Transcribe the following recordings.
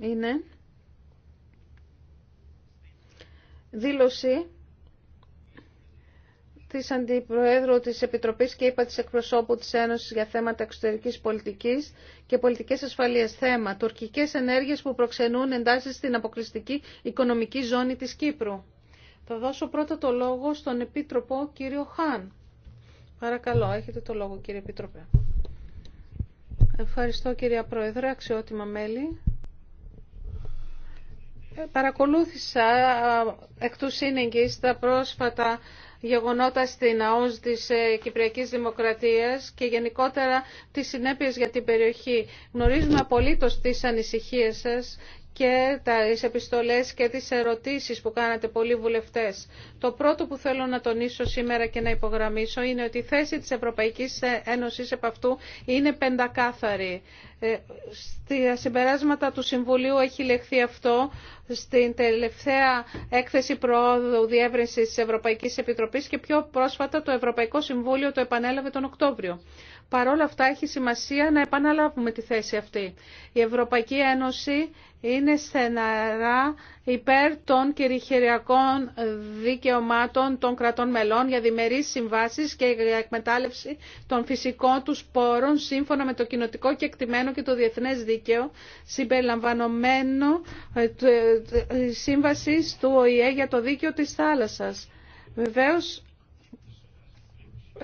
είναι δήλωση της Αντιπροέδρου της Επιτροπής και είπα της εκπροσώπου της Ένωσης για θέματα εξωτερικής πολιτικής και πολιτικές ασφαλείας θέμα. Τουρκικές ενέργειες που προξενούν εντάσεις στην αποκλειστική οικονομική ζώνη της Κύπρου. Θα δώσω πρώτα το λόγο στον Επίτροπο κύριο Χάν. Παρακαλώ, έχετε το λόγο κύριε Επίτροπε. Ευχαριστώ κυρία Πρόεδρε, αξιότιμα μέλη. Παρακολούθησα ε, εκ του και τα πρόσφατα γεγονότα στην ΑΟΣ της ε, Κυπριακής Δημοκρατίας και γενικότερα τις συνέπειες για την περιοχή. Γνωρίζουμε απολύτως τις ανησυχίες σας και τις επιστολές και τις ερωτήσεις που κάνατε πολλοί βουλευτές. Το πρώτο που θέλω να τονίσω σήμερα και να υπογραμμίσω είναι ότι η θέση της Ευρωπαϊκής Ένωσης επ' αυτού είναι πεντακάθαρη. Ε, στα συμπεράσματα του Συμβουλίου έχει λεχθεί αυτό στην τελευταία έκθεση προόδου διεύρυνσης της Ευρωπαϊκής Επιτροπής και πιο πρόσφατα το Ευρωπαϊκό Συμβούλιο το επανέλαβε τον Οκτώβριο παρόλα αυτά έχει σημασία να επαναλάβουμε τη θέση αυτή. Η Ευρωπαϊκή Ένωση είναι στεναρά υπέρ των κυριχειριακών δικαιωμάτων των κρατών μελών για διμερείς συμβάσεις και για εκμετάλλευση των φυσικών τους πόρων σύμφωνα με το κοινοτικό και εκτιμένο και το διεθνές δίκαιο συμπεριλαμβανομένο ε, σύμβασης του ΟΗΕ για το δίκαιο της θάλασσας.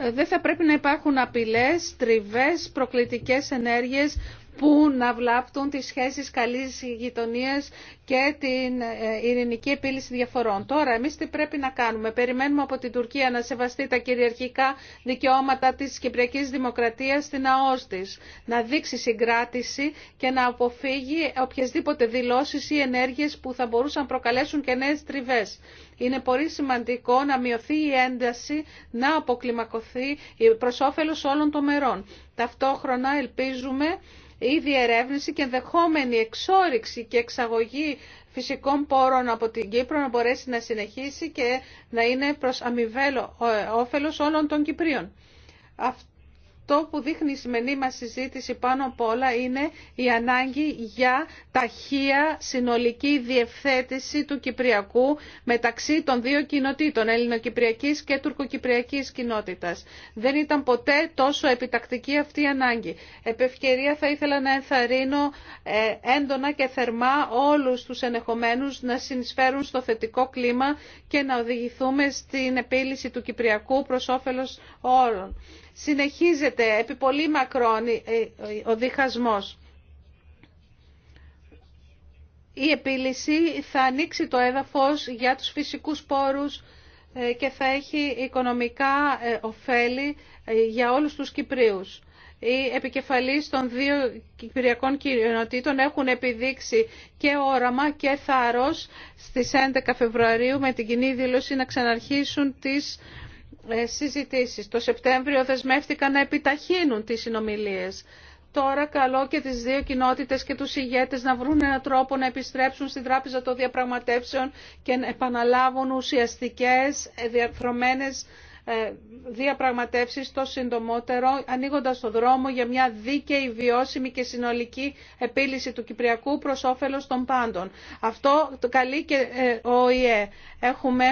Ε, δεν θα πρέπει να υπάρχουν απειλές, τριβές, προκλητικές ενέργειες που να βλάπτουν τις σχέσεις καλής γειτονίας και την ε, ειρηνική επίλυση διαφορών. Τώρα, εμείς τι πρέπει να κάνουμε. Περιμένουμε από την Τουρκία να σεβαστεί τα κυριαρχικά δικαιώματα της Κυπριακής Δημοκρατίας στην ΑΟΣ της, να δείξει συγκράτηση και να αποφύγει οποιασδήποτε δηλώσεις ή ενέργειες που θα μπορούσαν να προκαλέσουν και νέες τριβές. Είναι πολύ σημαντικό να μειωθεί η ένταση, να αποκλιμακωθεί προς όφελος όλων των μερών. Ταυτόχρονα ελπίζουμε η διερεύνηση και ενδεχόμενη εξόριξη και εξαγωγή φυσικών πόρων από την Κύπρο να μπορέσει να συνεχίσει και να είναι προς αμοιβέλο ε, όφελος όλων των Κυπρίων αυτό που δείχνει η σημερινή μας συζήτηση πάνω απ' όλα είναι η ανάγκη για ταχεία συνολική διευθέτηση του Κυπριακού μεταξύ των δύο κοινοτήτων, ελληνοκυπριακής και τουρκοκυπριακής κοινότητας. Δεν ήταν ποτέ τόσο επιτακτική αυτή η ανάγκη. Επ' θα ήθελα να ενθαρρύνω ε, έντονα και θερμά όλους τους ενεχομένους να συνεισφέρουν στο θετικό κλίμα και να οδηγηθούμε στην επίλυση του Κυπριακού προς όφελο όλων συνεχίζεται επί πολύ μακρόν ο διχασμός. Η επίλυση θα ανοίξει το έδαφος για τους φυσικούς πόρους ε, και θα έχει οικονομικά ε, ωφέλη ε, για όλους τους Κυπρίους. Οι επικεφαλείς των δύο κυπριακών κοινοτήτων έχουν επιδείξει και όραμα και θάρρος στις 11 Φεβρουαρίου με την κοινή δήλωση να ξαναρχίσουν τις ε, συζητήσεις. Το Σεπτέμβριο δεσμεύτηκαν να επιταχύνουν τις συνομιλίες. Τώρα καλώ και τις δύο κοινότητες και τους ηγέτες να βρουν έναν τρόπο να επιστρέψουν στην Τράπεζα των Διαπραγματεύσεων και να επαναλάβουν ουσιαστικές ε, διαρθρωμένες ε, διαπραγματεύσεις το συντομότερο, ανοίγοντας το δρόμο για μια δίκαιη, βιώσιμη και συνολική επίλυση του Κυπριακού προς όφελος των πάντων. Αυτό καλεί και ο ΙΕ. Έχουμε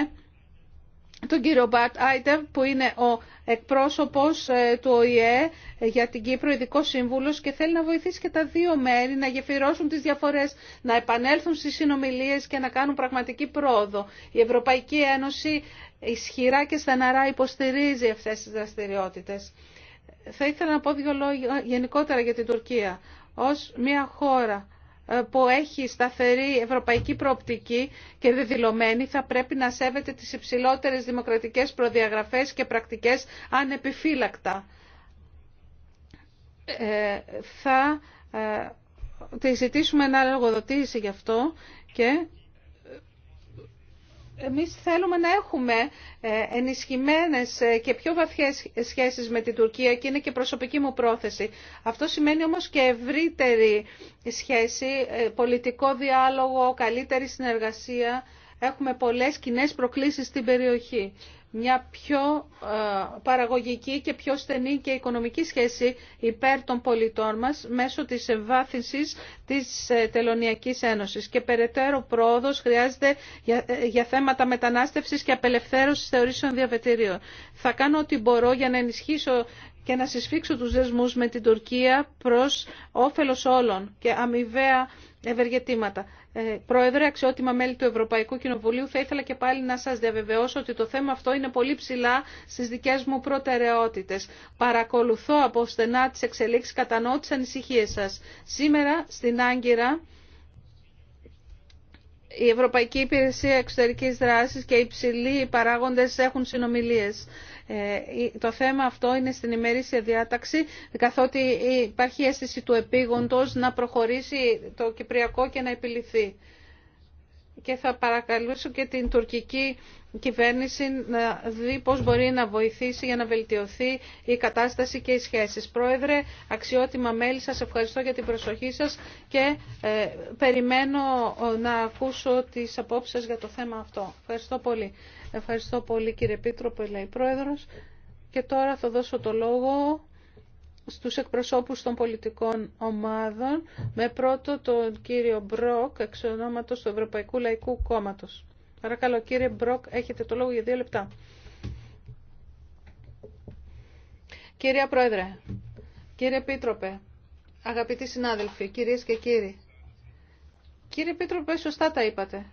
τον κύριο Μπαρτ Άιτερ που είναι ο εκπρόσωπος ε, του ΟΗΕ για την Κύπρο, ειδικό σύμβουλος και θέλει να βοηθήσει και τα δύο μέρη να γεφυρώσουν τις διαφορές, να επανέλθουν στις συνομιλίες και να κάνουν πραγματική πρόοδο. Η Ευρωπαϊκή Ένωση ισχυρά και στεναρά υποστηρίζει αυτές τις δραστηριότητες. Θα ήθελα να πω δύο λόγια γενικότερα για την Τουρκία. Ως μια χώρα ε, που έχει σταθερή ευρωπαϊκή προοπτική και δεδηλωμένη θα πρέπει να σέβεται τις υψηλότερες δημοκρατικές προδιαγραφές και πρακτικές ανεπιφύλακτα. Ε, θα ε, τη ζητήσουμε ένα λογοδοτήση γι' αυτό και εμείς θέλουμε να έχουμε ε, ενισχυμένες ε, και πιο βαθιές σχέσεις με την Τουρκία και είναι και προσωπική μου πρόθεση. Αυτό σημαίνει όμως και ευρύτερη σχέση, ε, πολιτικό διάλογο, καλύτερη συνεργασία Έχουμε πολλές κοινέ προκλήσεις στην περιοχή. Μια πιο ε, παραγωγική και πιο στενή και οικονομική σχέση υπέρ των πολιτών μας μέσω της εμβάθυνσης της ε, Τελωνιακής Ένωσης. Και περαιτέρω πρόοδος χρειάζεται για ε, θέματα μετανάστευσης και απελευθέρωσης θεωρήσεων διαβετηρίων. Θα κάνω ό,τι μπορώ για να ενισχύσω και να συσφίξω τους δεσμούς με την Τουρκία προς όφελος όλων και αμοιβαία ευεργετήματα. Ε, Πρόεδρε, αξιότιμα μέλη του Ευρωπαϊκού Κοινοβουλίου, θα ήθελα και πάλι να σας διαβεβαιώσω ότι το θέμα αυτό είναι πολύ ψηλά στις δικές μου προτεραιότητες. Παρακολουθώ από στενά τις εξελίξεις, κατανοώ τις ανησυχίες σας. Σήμερα στην Άγκυρα η Ευρωπαϊκή Υπηρεσία Εξωτερικής Δράσης και οι ψηλοί παράγοντες έχουν συνομιλίες. Ε, το θέμα αυτό είναι στην ημερήσια διάταξη, καθότι υπάρχει αίσθηση του επίγοντος να προχωρήσει το Κυπριακό και να επιληθεί. Και θα παρακαλούσω και την τουρκική κυβέρνηση να δει πώς μπορεί να βοηθήσει για να βελτιωθεί η κατάσταση και οι σχέσεις. Πρόεδρε, αξιότιμα μέλη, σας ευχαριστώ για την προσοχή σας και ε, περιμένω να ακούσω τις απόψεις για το θέμα αυτό. Ευχαριστώ πολύ. Ευχαριστώ πολύ κύριε Πίτροπο, λέει Πρόεδρος. Και τώρα θα δώσω το λόγο στους εκπροσώπους των πολιτικών ομάδων, με πρώτο τον κύριο Μπρόκ, εξ ονόματος του Ευρωπαϊκού Λαϊκού Κόμματος. Παρακαλώ κύριε Μπρόκ, έχετε το λόγο για δύο λεπτά. Κυρία Πρόεδρε, κύριε Πίτροπε, αγαπητοί συνάδελφοι, κυρίες και κύριοι, κύριε Πίτροπε, σωστά τα είπατε.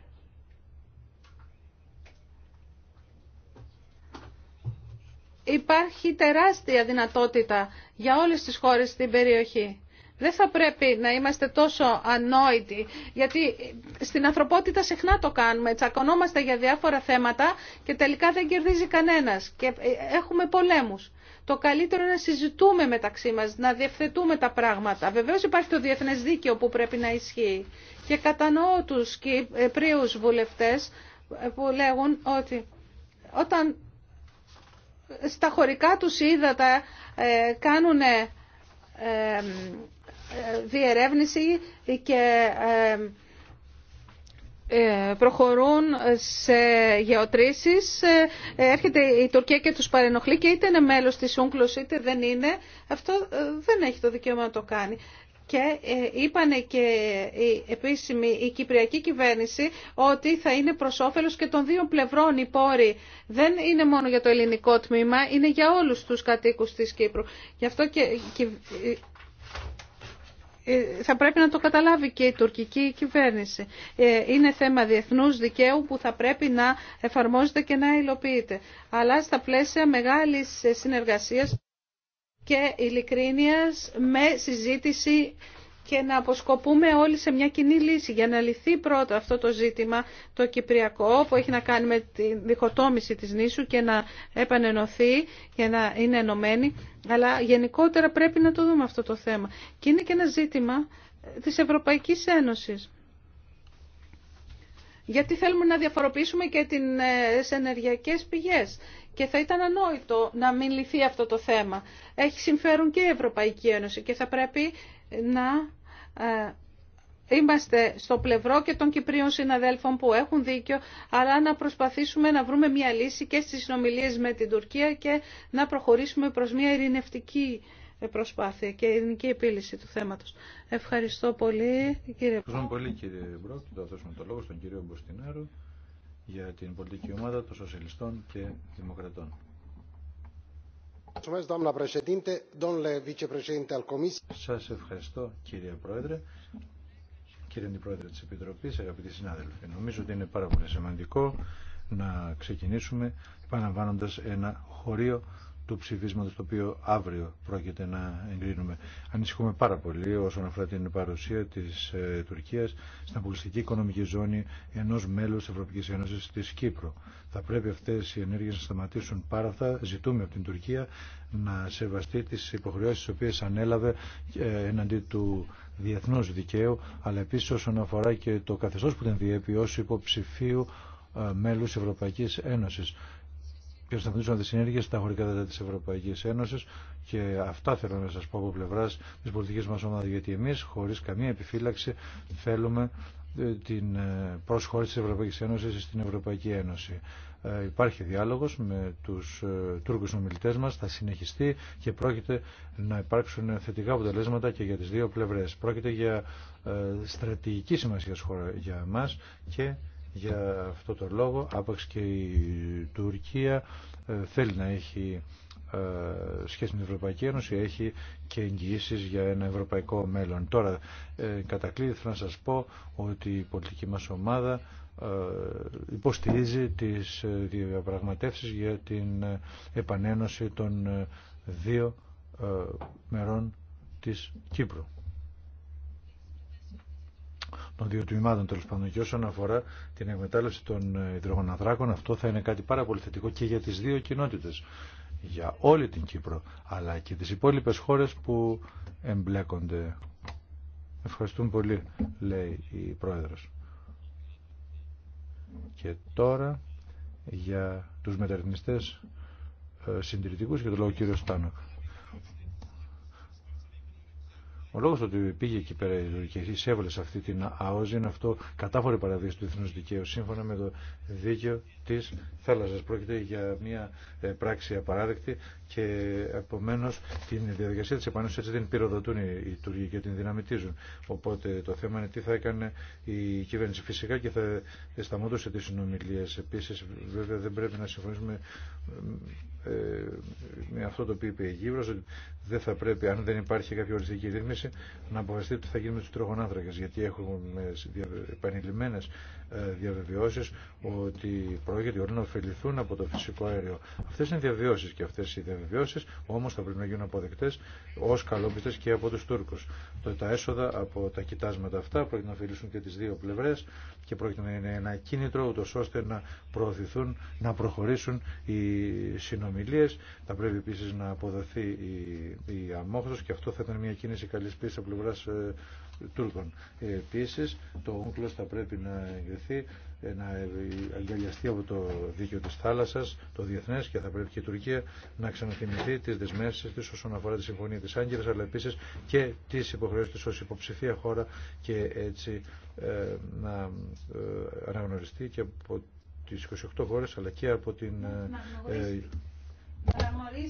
υπάρχει τεράστια δυνατότητα για όλες τις χώρες στην περιοχή. Δεν θα πρέπει να είμαστε τόσο ανόητοι, γιατί στην ανθρωπότητα συχνά το κάνουμε. Τσακωνόμαστε για διάφορα θέματα και τελικά δεν κερδίζει κανένας και ε, έχουμε πολέμους. Το καλύτερο είναι να συζητούμε μεταξύ μας, να διευθετούμε τα πράγματα. Βεβαίως υπάρχει το διεθνές δίκαιο που πρέπει να ισχύει. Και κατανοώ τους ε, πρίους βουλευτές ε, που λέγουν ότι όταν στα χωρικά τους ύδατα ε, κάνουν ε, ε, διερεύνηση και προχωρούν σε γεωτρήσεις. Έρχεται η Τουρκία και τους παρενοχλεί και είτε είναι μέλος της Ούγκλος είτε δεν είναι. Αυτό δεν έχει το δικαίωμα να το κάνει και ε, είπανε και η επίσημη η κυπριακή κυβέρνηση ότι θα είναι προς όφελος και των δύο πλευρών οι πόροι. Δεν είναι μόνο για το ελληνικό τμήμα, είναι για όλους τους κατοίκους της Κύπρου. Γι' αυτό και ε, θα πρέπει να το καταλάβει και η τουρκική κυβέρνηση. Ε, είναι θέμα διεθνούς δικαίου που θα πρέπει να εφαρμόζεται και να υλοποιείται. Αλλά στα πλαίσια μεγάλης συνεργασίας και ειλικρίνειας με συζήτηση και να αποσκοπούμε όλοι σε μια κοινή λύση για να λυθεί πρώτα αυτό το ζήτημα το κυπριακό που έχει να κάνει με τη διχοτόμηση της νήσου και να επανενωθεί και να είναι ενωμένη αλλά γενικότερα πρέπει να το δούμε αυτό το θέμα και είναι και ένα ζήτημα ε, της Ευρωπαϊκής Ένωσης γιατί θέλουμε να διαφοροποιήσουμε και ε, τις ενεργειακές πηγές και θα ήταν ανόητο να μην λυθεί αυτό το θέμα. Έχει συμφέρον και η Ευρωπαϊκή Ένωση και θα πρέπει να ε, είμαστε στο πλευρό και των Κυπρίων συναδέλφων που έχουν δίκιο, αλλά να προσπαθήσουμε να βρούμε μια λύση και στις συνομιλίες με την Τουρκία και να προχωρήσουμε προς μια ειρηνευτική προσπάθεια και ειρηνική επίλυση του θέματος. Ευχαριστώ πολύ, κύριε Πρόεδρε. Ευχαριστώ πολύ, κύριε Μπρόκ. Θα δώσουμε το λόγο στον κύριο για την πολιτική ομάδα των Σοσιαλιστών και Δημοκρατών. Σας ευχαριστώ κύριε Πρόεδρε, κύριε Αντιπρόεδρε της Επιτροπής, αγαπητοί συνάδελφοι. Νομίζω ότι είναι πάρα πολύ σημαντικό να ξεκινήσουμε επαναλαμβάνοντας ένα χωρίο του ψηφίσματο το οποίο αύριο πρόκειται να εγκρίνουμε. Ανησυχούμε πάρα πολύ όσον αφορά την παρουσία της ε, Τουρκία στην αποκλειστική οικονομική ζώνη ενό μέλους της Ευρωπαϊκής Ένωσης της Κύπρου. Θα πρέπει αυτέ οι ενέργειε να σταματήσουν πάρα Ζητούμε από την Τουρκία να σεβαστεί τι υποχρεώσει τι οποίε ανέλαβε ε, εναντί του διεθνούς δικαίου, αλλά επίση όσον αφορά και το καθεστώ που την διέπει ω υποψηφίου ε, μέλους Ευρωπαϊκής Ένωσης και σταθμίσουμε τι συνέργειε στα χωρικά δέντρα τη Ευρωπαϊκή Ένωση. Και αυτά θέλω να σα πω από πλευρά τη πολιτική μα ομάδα, γιατί εμεί χωρί καμία επιφύλαξη θέλουμε ε, την ε, προσχώρηση της Ευρωπαϊκής Ένωσης στην Ευρωπαϊκή Ένωση. Ε, υπάρχει διάλογος με τους Τούρκους ομιλητές μας, θα συνεχιστεί και πρόκειται να υπάρξουν θετικά αποτελέσματα και για τις δύο πλευρές. Πρόκειται για στρατηγική σημασία χώρα για εμά και για αυτό τον λόγο, άπαξ και η Τουρκία ε, θέλει να έχει ε, σχέση με την Ευρωπαϊκή Ένωση έχει και εγγυήσει για ένα ευρωπαϊκό μέλλον. Τώρα, ε, κατά θέλω να σας πω ότι η πολιτική μας ομάδα υποστηρίζει τις διαπραγματεύσεις για την επανένωση των δύο μερών της Κύπρου των δύο τμήματων τέλο πάντων και όσον αφορά την εκμετάλλευση των ε, υδρογοναδράκων, αυτό θα είναι κάτι πάρα πολύ θετικό και για τις δύο κοινότητες για όλη την Κύπρο αλλά και τις υπόλοιπες χώρες που εμπλέκονται ευχαριστούμε πολύ λέει η πρόεδρος και τώρα για τους μεταρρυθμιστές ε, συντηρητικούς και το λόγο κύριο Στάνοκ ο λόγο ότι πήγε εκεί πέρα η Τουρκία και εισέβαλε σε αυτή την αόζη είναι αυτό κατάφορη παραδείγμα του διεθνού δικαίου. Σύμφωνα με το δίκαιο τη θάλασσα, πρόκειται για μια ε, πράξη απαράδεκτη και επομένω την διαδικασία τη επανένωση έτσι την πυροδοτούν οι Τούρκοι και την δυναμητίζουν. Οπότε το θέμα είναι τι θα έκανε η κυβέρνηση. Φυσικά και θα σταματούσε τι συνομιλίε. Επίση, βέβαια, δεν πρέπει να συμφωνήσουμε ε, με αυτό το οποίο είπε η γύρω ότι δεν θα πρέπει, αν δεν υπάρχει κάποια οριστική ρύθμιση, να αποφασιστεί ότι θα γίνει με τους γιατί έχουμε επανειλημμένες ε, διαβεβαιώσει ότι πρόκειται όλοι να ωφεληθούν από το φυσικό αέριο. Αυτέ είναι διαβεβαιώσει και αυτέ οι διαβεβαιώσει όμω θα πρέπει να γίνουν αποδεκτές ως καλόπιστε και από του Τούρκου. Το, τα έσοδα από τα κοιτάσματα αυτά πρόκειται να ωφελήσουν και τι δύο πλευρέ και πρόκειται να είναι ένα κίνητρο ούτω ώστε να προωθηθούν, να προχωρήσουν οι συνομιλίε. Θα πρέπει επίση να αποδοθεί η, η αμόχθος και αυτό θα ήταν μια κίνηση καλή πίεσης από πλευράς ε, Τούρκων. Ε, επίσης το ούγκλος θα πρέπει να εγκριθεί, ε, να αγκαλιαστεί από το δίκαιο της θάλασσας, το διεθνές και θα πρέπει και η Τουρκία να ξαναθυμηθεί τις δεσμεύσει της όσον αφορά τη Συμφωνία της Άγκυρας αλλά επίση και τις υποχρεώσεις της ως υποψηφία χώρα και έτσι ε, να ε, αναγνωριστεί και από τις 28 χώρες αλλά και από την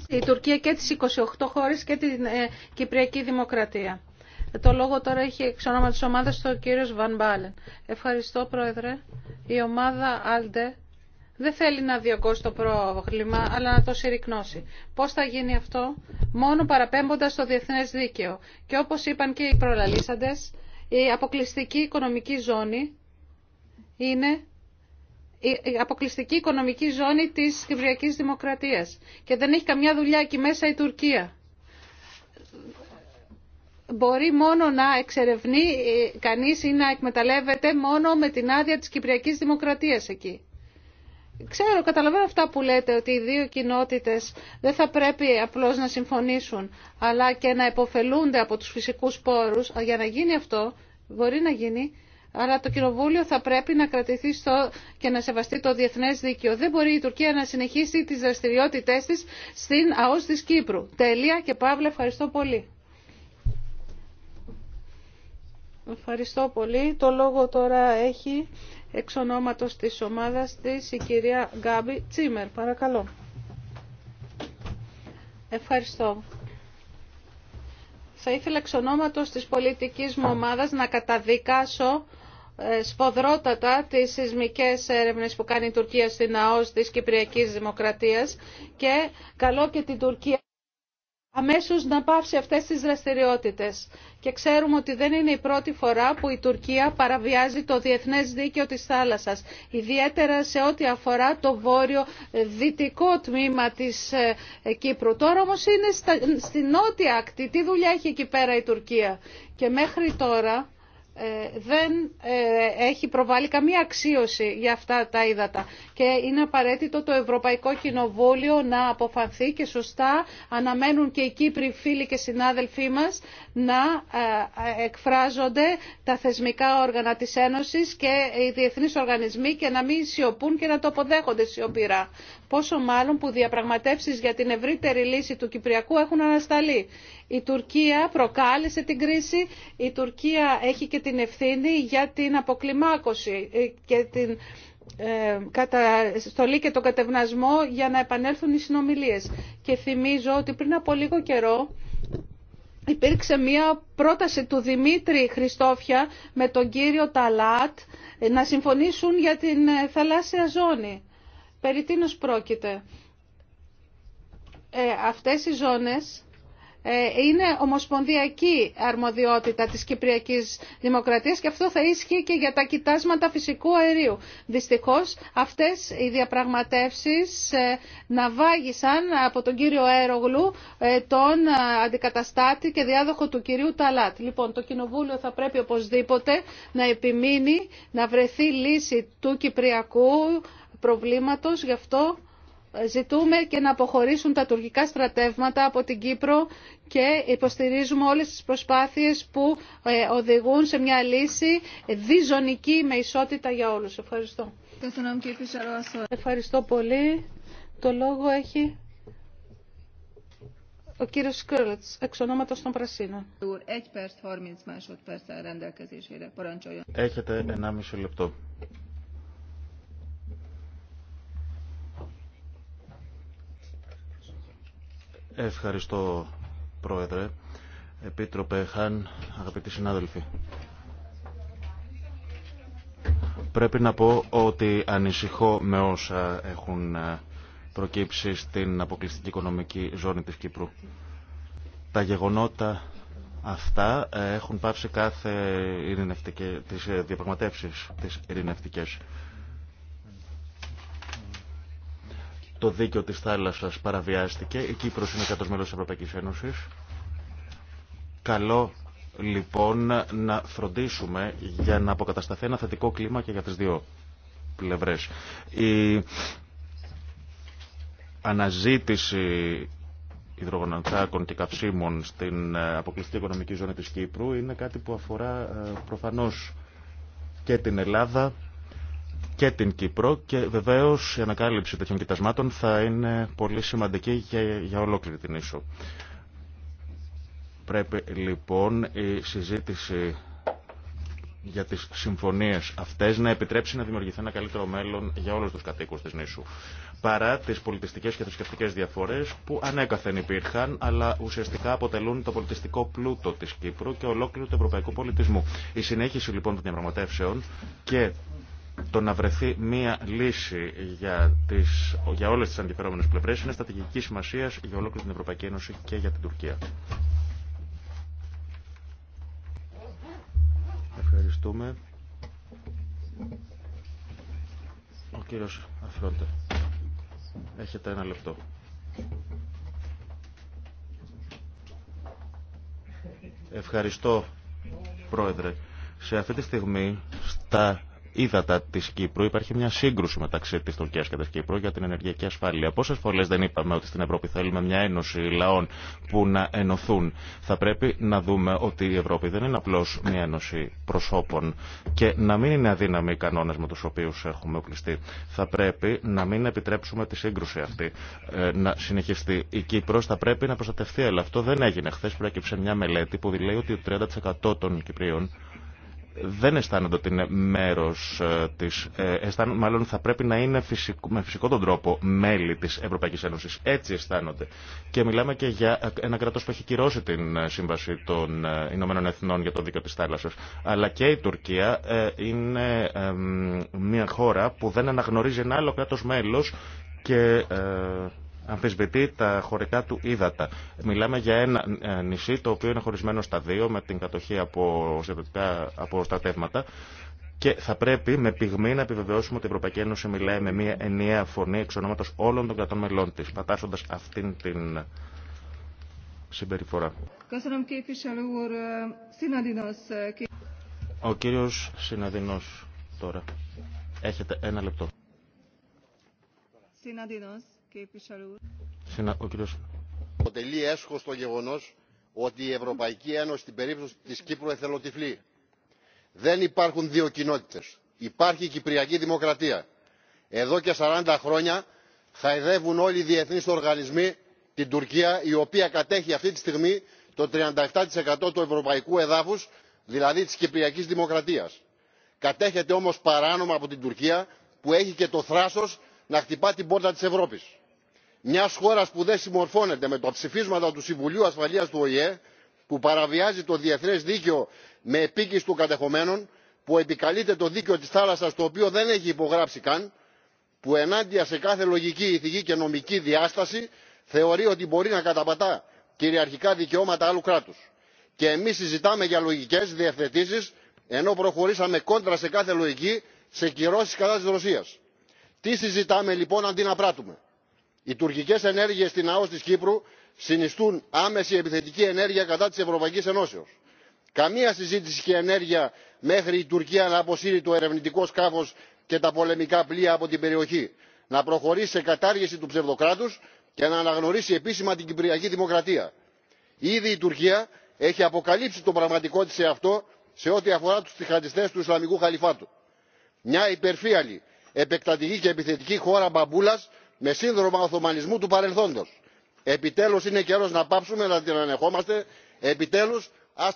η Τουρκία και τις 28 χώρες και την ε, Κυπριακή Δημοκρατία. Το λόγο τώρα έχει εξ όνομα της ομάδας το κύριος Βαν Μπάλεν. Ευχαριστώ Πρόεδρε. Η ομάδα Άλντε δεν θέλει να διωγγώσει το πρόβλημα, αλλά να το συρρυκνώσει. Πώς θα γίνει αυτό? Μόνο παραπέμποντας στο διεθνές δίκαιο. Και όπως είπαν και οι προλαλήσαντες, η αποκλειστική οικονομική ζώνη είναι η αποκλειστική οικονομική ζώνη της Κυπριακής Δημοκρατίας και δεν έχει καμιά δουλειά εκεί μέσα η Τουρκία. Μπορεί μόνο να εξερευνεί ε, κανείς ή να εκμεταλλεύεται μόνο με την άδεια της Κυπριακής Δημοκρατίας εκεί. Ξέρω, καταλαβαίνω αυτά που λέτε ότι οι δύο κοινότητες δεν θα πρέπει απλώς να συμφωνήσουν αλλά και να υποφελούνται από τους φυσικούς πόρους. Για να γίνει αυτό, μπορεί να γίνει, Άρα το Κοινοβούλιο θα πρέπει να κρατηθεί στο και να σεβαστεί το διεθνές δίκαιο. Δεν μπορεί η Τουρκία να συνεχίσει τις δραστηριότητε τη στην ΑΟΣ της Κύπρου. Τέλεια και Παύλα, ευχαριστώ πολύ. Ευχαριστώ πολύ. Το λόγο τώρα έχει εξ ονόματος της ομάδας της η κυρία Γκάμπη Τσίμερ. Παρακαλώ. Ευχαριστώ. Θα ήθελα εξ ονόματος της πολιτικής μου ομάδας να καταδικάσω σποδρότατα τις σεισμικές έρευνες που κάνει η Τουρκία στην ΑΟΣ της Κυπριακής Δημοκρατίας και καλό και την Τουρκία αμέσως να πάψει αυτές τις δραστηριότητες. Και ξέρουμε ότι δεν είναι η πρώτη φορά που η Τουρκία παραβιάζει το διεθνές δίκαιο της θάλασσας, ιδιαίτερα σε ό,τι αφορά το βόρειο-δυτικό τμήμα της ε, Κύπρου. Τώρα όμως είναι στην νότια ακτή. Τι δουλειά έχει εκεί πέρα η Τουρκία. Και μέχρι τώρα ε, δεν ε, έχει προβάλει καμία αξίωση για αυτά τα ύδατα και είναι απαραίτητο το Ευρωπαϊκό Κοινοβούλιο να αποφανθεί και σωστά αναμένουν και οι Κύπροι φίλοι και συνάδελφοί μας να ε, εκφράζονται τα θεσμικά όργανα της Ένωσης και οι διεθνείς οργανισμοί και να μην σιωπούν και να το αποδέχονται σιωπηρά. Πόσο μάλλον που διαπραγματεύσεις για την ευρύτερη λύση του Κυπριακού έχουν ανασταλεί. Η Τουρκία προκάλεσε την κρίση, η Τουρκία έχει και την ευθύνη για την αποκλιμάκωση ε, και την ε, καταστολή και τον κατευνασμό για να επανέλθουν οι συνομιλίες. Και θυμίζω ότι πριν από λίγο καιρό υπήρξε μία πρόταση του Δημήτρη Χριστόφια με τον κύριο Ταλάτ να συμφωνήσουν για την ε, θαλάσσια ζώνη. Περί τίνος πρόκειται. Ε, αυτές οι ζώνες ε, είναι ομοσπονδιακή αρμοδιότητα της Κυπριακής Δημοκρατίας και αυτό θα ίσχυε και για τα κοιτάσματα φυσικού αερίου. Δυστυχώς αυτές οι διαπραγματεύσεις βάγισαν ε, από τον κύριο Έρογλου ε, τον αντικαταστάτη και διάδοχο του κυρίου Ταλάτ. Λοιπόν, το Κοινοβούλιο θα πρέπει οπωσδήποτε να επιμείνει να βρεθεί λύση του Κυπριακού προβλήματος, γι' αυτό ε, ζητούμε και να αποχωρήσουν τα τουρκικά στρατεύματα από την Κύπρο και υποστηρίζουμε όλες τις προσπάθειες που ε, οδηγούν σε μια λύση διζωνική με ισότητα για όλους. Ευχαριστώ. Ευχαριστώ πολύ. Το λόγο έχει ο κύριος Σκρόλετς, εξ ονόματος των Πρασίνων. Έχετε ένα μισό λεπτό. Ευχαριστώ, Πρόεδρε. Επίτροπε Χάν, αγαπητοί συνάδελφοι. Πρέπει να πω ότι ανησυχώ με όσα έχουν ε, προκύψει στην αποκλειστική οικονομική ζώνη της Κύπρου. Τα γεγονότα αυτά ε, έχουν πάψει κάθε ε, ειρηνευτικές, τις διαπραγματεύσεις της ειρηνευτικές. το δίκαιο της θάλασσας παραβιάστηκε. Η Κύπρος είναι κατός μέλος της Ευρωπαϊκής Ένωσης. Καλό λοιπόν να φροντίσουμε για να αποκατασταθεί ένα θετικό κλίμα και για τις δύο πλευρές. Η αναζήτηση υδρογονανθράκων και καυσίμων στην ε, αποκλειστική οικονομική ζώνη της Κύπρου είναι κάτι που αφορά ε, προφανώς και την Ελλάδα και την Κύπρο και βεβαίως η ανακάλυψη τέτοιων κοιτασμάτων θα είναι πολύ σημαντική για, για ολόκληρη την ίσο. Πρέπει λοιπόν η συζήτηση για τις συμφωνίες αυτές να επιτρέψει να δημιουργηθεί ένα καλύτερο μέλλον για όλους τους κατοίκους της νήσου. Παρά τις πολιτιστικές και θρησκευτικέ διαφορές που ανέκαθεν υπήρχαν, αλλά ουσιαστικά αποτελούν το πολιτιστικό πλούτο της Κύπρου και ολόκληρου του ευρωπαϊκού πολιτισμού. Η συνέχιση λοιπόν των διαπραγματεύσεων και το να βρεθεί μία λύση για, τις, για όλες τις αντιφερόμενες πλευρές είναι στρατηγική σημασία για ολόκληρη την Ευρωπαϊκή Ένωση και για την Τουρκία. Ευχαριστούμε. Ο κύριος Αφρόντε. Έχετε ένα λεπτό. Ευχαριστώ, Πρόεδρε. Σε αυτή τη στιγμή, στα ύδατα τη Κύπρου υπάρχει μια σύγκρουση μεταξύ τη Τουρκία και τη Κύπρου για την ενεργειακή ασφάλεια. Πόσε φορέ δεν είπαμε ότι στην Ευρώπη θέλουμε μια ένωση λαών που να ενωθούν. Θα πρέπει να δούμε ότι η Ευρώπη δεν είναι απλώ μια ένωση προσώπων και να μην είναι αδύναμοι οι κανόνε με του οποίου έχουμε οπλιστεί. Θα πρέπει να μην επιτρέψουμε τη σύγκρουση αυτή ε, να συνεχιστεί. Η Κύπρο θα πρέπει να προστατευτεί, αλλά αυτό δεν έγινε. Χθε προέκυψε μια μελέτη που δηλαίει ότι 30% των Κυπρίων δεν αισθάνονται ότι είναι μέρος ε, της, ε, μάλλον θα πρέπει να είναι με φυσικό τον τρόπο μέλη της Ευρωπαϊκής Ένωσης. Έτσι αισθάνονται. Και μιλάμε και για ε, ένα κράτος που έχει κυρώσει την Σύμβαση των Ηνωμένων Εθνών για το Δίκαιο της Θάλασσας. Αλλά και η Τουρκία είναι μια χώρα που δεν αναγνωρίζει ένα άλλο κράτος μέλος αμφισβητεί τα χωρικά του ύδατα. Μιλάμε για ένα ε, νησί το οποίο είναι χωρισμένο στα δύο με την κατοχή από, από στρατεύματα και θα πρέπει με πυγμή να επιβεβαιώσουμε ότι η Ευρωπαϊκή Ένωση μιλάει με μια ενιαία φωνή εξ όλων των κρατών μελών της, πατάσσοντας αυτήν την συμπεριφορά. Ε, ε, Ο κύριος τώρα. Έχετε ένα λεπτό. Ο κύριος... Αποτελεί έσχο το γεγονό ότι η Ευρωπαϊκή Ένωση στην περίπτωση τη Κύπρου εθελοτυφλεί. Δεν υπάρχουν δύο κοινότητε. Υπάρχει η Κυπριακή Δημοκρατία. Εδώ και 40 χρόνια χαϊδεύουν όλοι οι διεθνείς οργανισμοί την Τουρκία η οποία κατέχει αυτή τη στιγμή το 37% του ευρωπαϊκού Εδάφου, δηλαδή τη κυπριακή Δημοκρατία. Κατέχεται όμω παράνομα από την Τουρκία που έχει και το θράσο να χτυπά την πόρτα τη Ευρώπη μιας χώρας που δεν συμμορφώνεται με τα ψηφίσματα του συμβουλίου ασφαλείας του οηε που παραβιάζει το διεθνές δίκαιο με επίκηση των κατεχομένων που επικαλείται το δίκαιο της θάλασσας το οποίο δεν έχει υπογράψει καν που ενάντια σε κάθε λογική ηθική και νομική διάσταση θεωρεί ότι μπορεί να καταπατά κυριαρχικά δικαιώματα άλλου κράτους. και εμείς συζητάμε για λογικές διευθετήσεις ενώ προχωρήσαμε κόντρα σε κάθε λογική σε κυρώσει κατά της ρωσίας. τι συζητάμε λοιπόν αντί να πράττουμε; οι τουρκικές ενέργειες στην αός της κύπρου συνιστούν άμεση επιθετική ενέργεια κατά της ευρωπαϊκής ενώσεως. καμία συζήτηση και ενέργεια μέχρι η τουρκία να αποσύρει το ερευνητικό σκάφος και τα πολεμικά πλοία από την περιοχή να προχωρήσει σε κατάργηση του ψευδοκράτους και να αναγνωρίσει επίσημα την κυπριακή δημοκρατία. ήδη η τουρκία έχει αποκαλύψει το πραγματικό της αυτό σε ό,τι αφορά τους τζιχαντιστές του ισλαμικού χαλιφάτου. μια υπερφύαλη επεκτατική και επιθετική χώρα μπαμπούλας με σύνδρομα οθωμανισμού του παρελθόντος. επιτέλους είναι καιρός να πάψουμε να την ανεχόμαστε. επιτέλους ας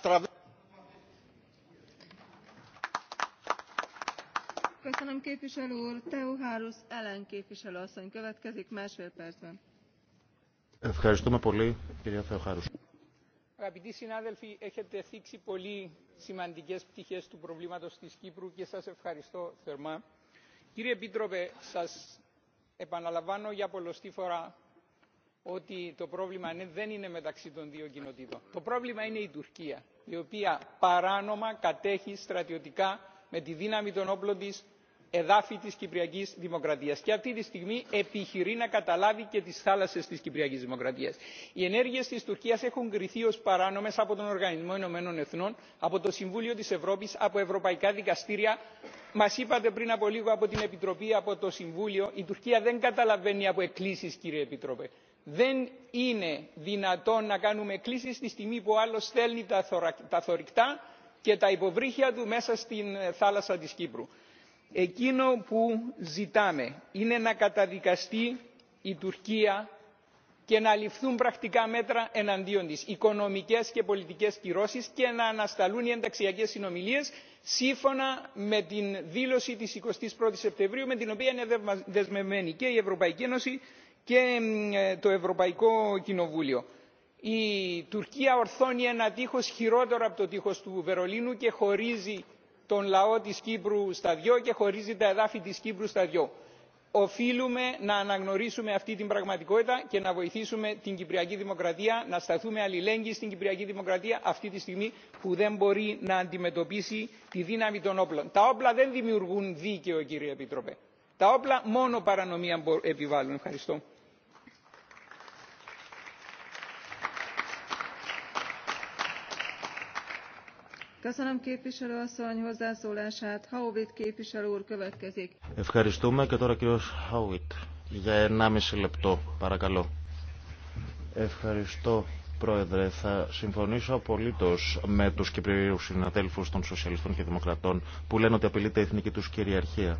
Ευχαριστούμε πολύ, κυρία Θεοχάρου. Αγαπητοί συνάδελφοι, έχετε θίξει πολύ σημαντικέ πτυχέ του προβλήματο τη Κύπρου και σα ευχαριστώ θερμά. Κύριε Επίτροπε, σας επαναλαμβάνω για πολλωστή φορά ότι το πρόβλημα δεν είναι μεταξύ των δύο κοινοτήτων. Το πρόβλημα είναι η Τουρκία, η οποία παράνομα κατέχει στρατιωτικά με τη δύναμη των όπλων της εδάφη της Κυπριακής Δημοκρατίας και αυτή τη στιγμή επιχειρεί να καταλάβει και τις θάλασσες της Κυπριακής Δημοκρατίας. Οι ενέργειες της Τουρκίας έχουν κριθεί ως παράνομες από τον Οργανισμό Ηνωμένων Εθνών, από το Συμβούλιο της Ευρώπης, από ευρωπαϊκά δικαστήρια. Μας είπατε πριν από λίγο από την Επιτροπή, από το Συμβούλιο, η Τουρκία δεν καταλαβαίνει από εκκλήσεις κύριε Επίτροπε. Δεν είναι δυνατόν να κάνουμε εκκλήσεις τη στιγμή που ο άλλο στέλνει τα θωρακτά και τα υποβρύχια του μέσα στην θάλασσα της Κύπρου εκείνο που ζητάμε είναι να καταδικαστεί η τουρκία και να ληφθούν πρακτικά μέτρα εναντίον της οικονομικές και πολιτικές κυρώσεις και να ανασταλούν οι ενταξιακές συνομιλίες σύμφωνα με την δήλωση της 21ης Σεπτεμβρίου με την οποία είναι δεσμευμένη και η Ευρωπαϊκή Ένωση και ε, το Ευρωπαϊκό Κοινοβούλιο. Η Τουρκία ορθώνει ένα τείχος χειρότερο από το τείχος του Βερολίνου και χωρίζει τον λαό της Κύπρου στα δυο και χωρίζει τα εδάφη της Κύπρου στα δυο. Οφείλουμε να αναγνωρίσουμε αυτή την πραγματικότητα και να βοηθήσουμε την Κυπριακή Δημοκρατία να σταθούμε αλληλέγγυοι στην Κυπριακή Δημοκρατία αυτή τη στιγμή που δεν μπορεί να αντιμετωπίσει τη δύναμη των όπλων. Τα όπλα δεν δημιουργούν δίκαιο κύριε Επίτροπε. Τα όπλα μόνο παρανομία επιβάλλουν. Ευχαριστώ. Ευχαριστούμε και τώρα κύριος Χάουιτ για 1,5 λεπτό, παρακαλώ. Ευχαριστώ, Πρόεδρε. Θα συμφωνήσω απολύτω με τους Κυπριούς συναδέλφους των Σοσιαλιστών και Δημοκρατών που λένε ότι απειλείται η εθνική τους κυριαρχία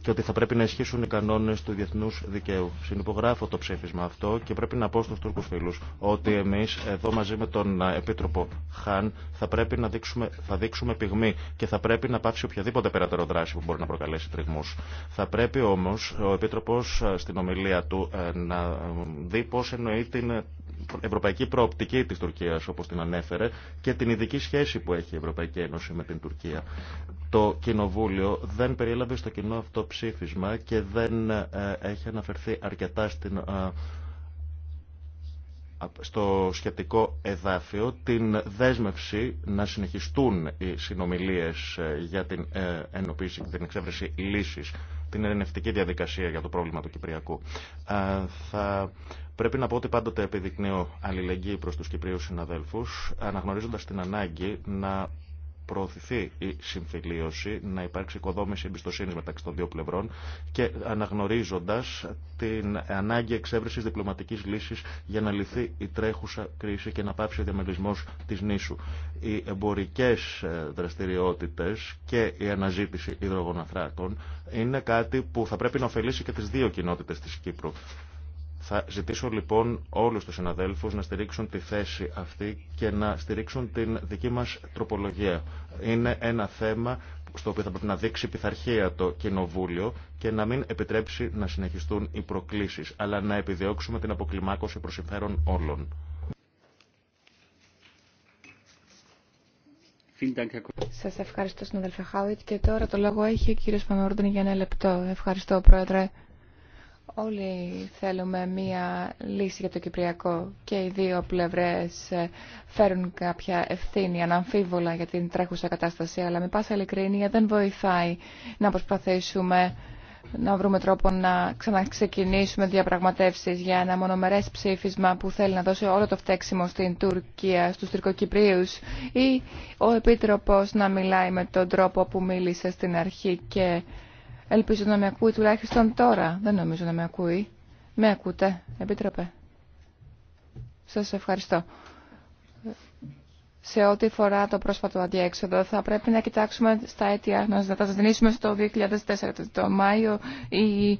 και ότι θα πρέπει να ισχύσουν οι κανόνε του διεθνού δικαίου. Συνυπογράφω το ψήφισμα αυτό και πρέπει να πω στου Τούρκου φίλου ότι εμεί εδώ μαζί με τον ε, Επίτροπο Χαν θα πρέπει να δείξουμε, θα δείξουμε πυγμή και θα πρέπει να πάψει οποιαδήποτε περαιτέρω δράση που μπορεί να προκαλέσει τριγμού. Θα πρέπει όμω ο Επίτροπο ε, στην ομιλία του ε, να δει πώ εννοεί την ευρωπαϊκή προοπτική τη Τουρκία όπω την ανέφερε και την ειδική σχέση που έχει η Ευρωπαϊκή Ένωση με την Τουρκία. Το Κοινοβούλιο δεν περιέλαβε στο κοινό αυτό ψήφισμα και δεν ε, έχει αναφερθεί αρκετά στην ε, στο σχετικό εδάφιο την δέσμευση να συνεχιστούν οι συνομιλίες ε, για την ενοποίηση και την εξέβρεση λύσης, την ερνευτική διαδικασία για το πρόβλημα του Κυπριακού. Θα πρέπει να πω ότι πάντοτε επιδεικνύω αλληλεγγύη προς τους Κυπρίους συναδέλφους, αναγνωρίζοντας την ανάγκη να προωθηθεί η συμφιλίωση, να υπάρξει οικοδόμηση εμπιστοσύνη μεταξύ των δύο πλευρών και αναγνωρίζοντα την ανάγκη εξέβρεση διπλωματική λύση για να λυθεί η τρέχουσα κρίση και να πάψει ο διαμελισμό τη νήσου. Οι εμπορικέ ε, δραστηριότητε και η αναζήτηση υδρογοναθράκων είναι κάτι που θα πρέπει να ωφελήσει και τι δύο κοινότητε τη Κύπρου. Θα ζητήσω λοιπόν όλους τους συναδέλφους να στηρίξουν τη θέση αυτή και να στηρίξουν την δική μας τροπολογία. Είναι ένα θέμα στο οποίο θα πρέπει να δείξει πειθαρχία το Κοινοβούλιο και να μην επιτρέψει να συνεχιστούν οι προκλήσεις, αλλά να επιδιώξουμε την αποκλιμάκωση προς συμφέρον όλων. Σας ευχαριστώ, συναδελφέ Χάουιτ. Και τώρα το λόγο έχει ο κύριος Πανόρντον για ένα λεπτό. Ευχαριστώ, Πρόεδρε. Όλοι θέλουμε μία λύση για το Κυπριακό και οι δύο πλευρές ε, φέρουν κάποια ευθύνη αναμφίβολα για την τρέχουσα κατάσταση, αλλά με πάσα ειλικρίνεια δεν βοηθάει να προσπαθήσουμε να βρούμε τρόπο να ξαναξεκινήσουμε διαπραγματεύσεις για ένα μονομερές ψήφισμα που θέλει να δώσει όλο το φταίξιμο στην Τουρκία, στους Τουρκοκυπρίους ή ο Επίτροπος να μιλάει με τον τρόπο που μίλησε στην αρχή και Ελπίζω να με ακούει τουλάχιστον τώρα. Δεν νομίζω να με ακούει. Με ακούτε. Επίτροπε. Σας ευχαριστώ. Σε ό,τι φορά το πρόσφατο αντιέξοδο θα πρέπει να κοιτάξουμε στα αίτια, να τα ζητήσουμε στο 2004. Το Μάιο η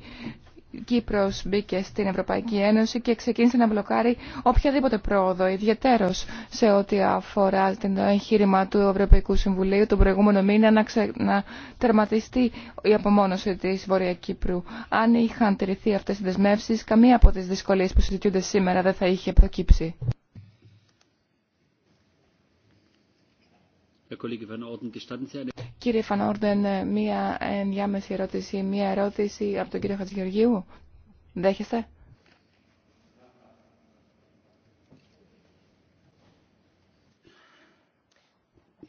Κύπρος μπήκε στην Ευρωπαϊκή Ένωση και ξεκίνησε να μπλοκάρει οποιαδήποτε πρόοδο, ιδιαίτερος σε ό,τι αφορά το εγχείρημα του Ευρωπαϊκού Συμβουλίου τον προηγούμενο μήνα να, να τερματιστεί η απομόνωση της Βόρεια Κύπρου. Αν είχαν τηρηθεί αυτές οι δεσμεύσεις, καμία από τις δυσκολίες που συζητούνται σήμερα δεν θα είχε προκύψει. Κύριε Φανόρντεν, μία ενδιάμεση ερώτηση, μία ερώτηση από τον κύριο Χατζηγεωργίου. Δέχεστε.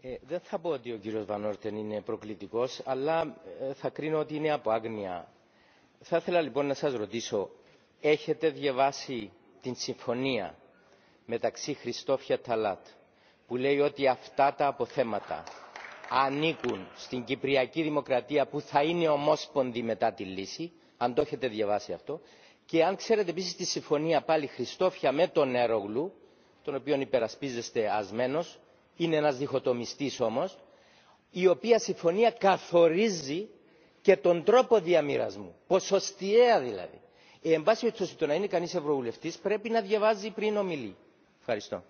Ε, δεν θα πω ότι ο κύριος Βανόρτεν είναι προκλητικός, αλλά ε, θα κρίνω ότι είναι από άγνοια. Θα ήθελα λοιπόν να σας ρωτήσω, έχετε διαβάσει την συμφωνία μεταξύ Χριστόφια Ταλάτ που λέει ότι αυτά τα αποθέματα ανήκουν στην Κυπριακή Δημοκρατία που θα είναι ομόσπονδη μετά τη λύση, αν το έχετε διαβάσει αυτό, και αν ξέρετε επίση τη συμφωνία πάλι Χριστόφια με τον Νερογλου, τον οποίο υπερασπίζεστε ασμένος, είναι ένας διχοτομιστής όμως, η οποία συμφωνία καθορίζει και τον τρόπο διαμοιρασμού, ποσοστιαία δηλαδή. Ε, εν πάση περιπτώσει, το να είναι κανεί ευρωβουλευτή πρέπει να διαβάζει πριν ομιλεί. Ευχαριστώ.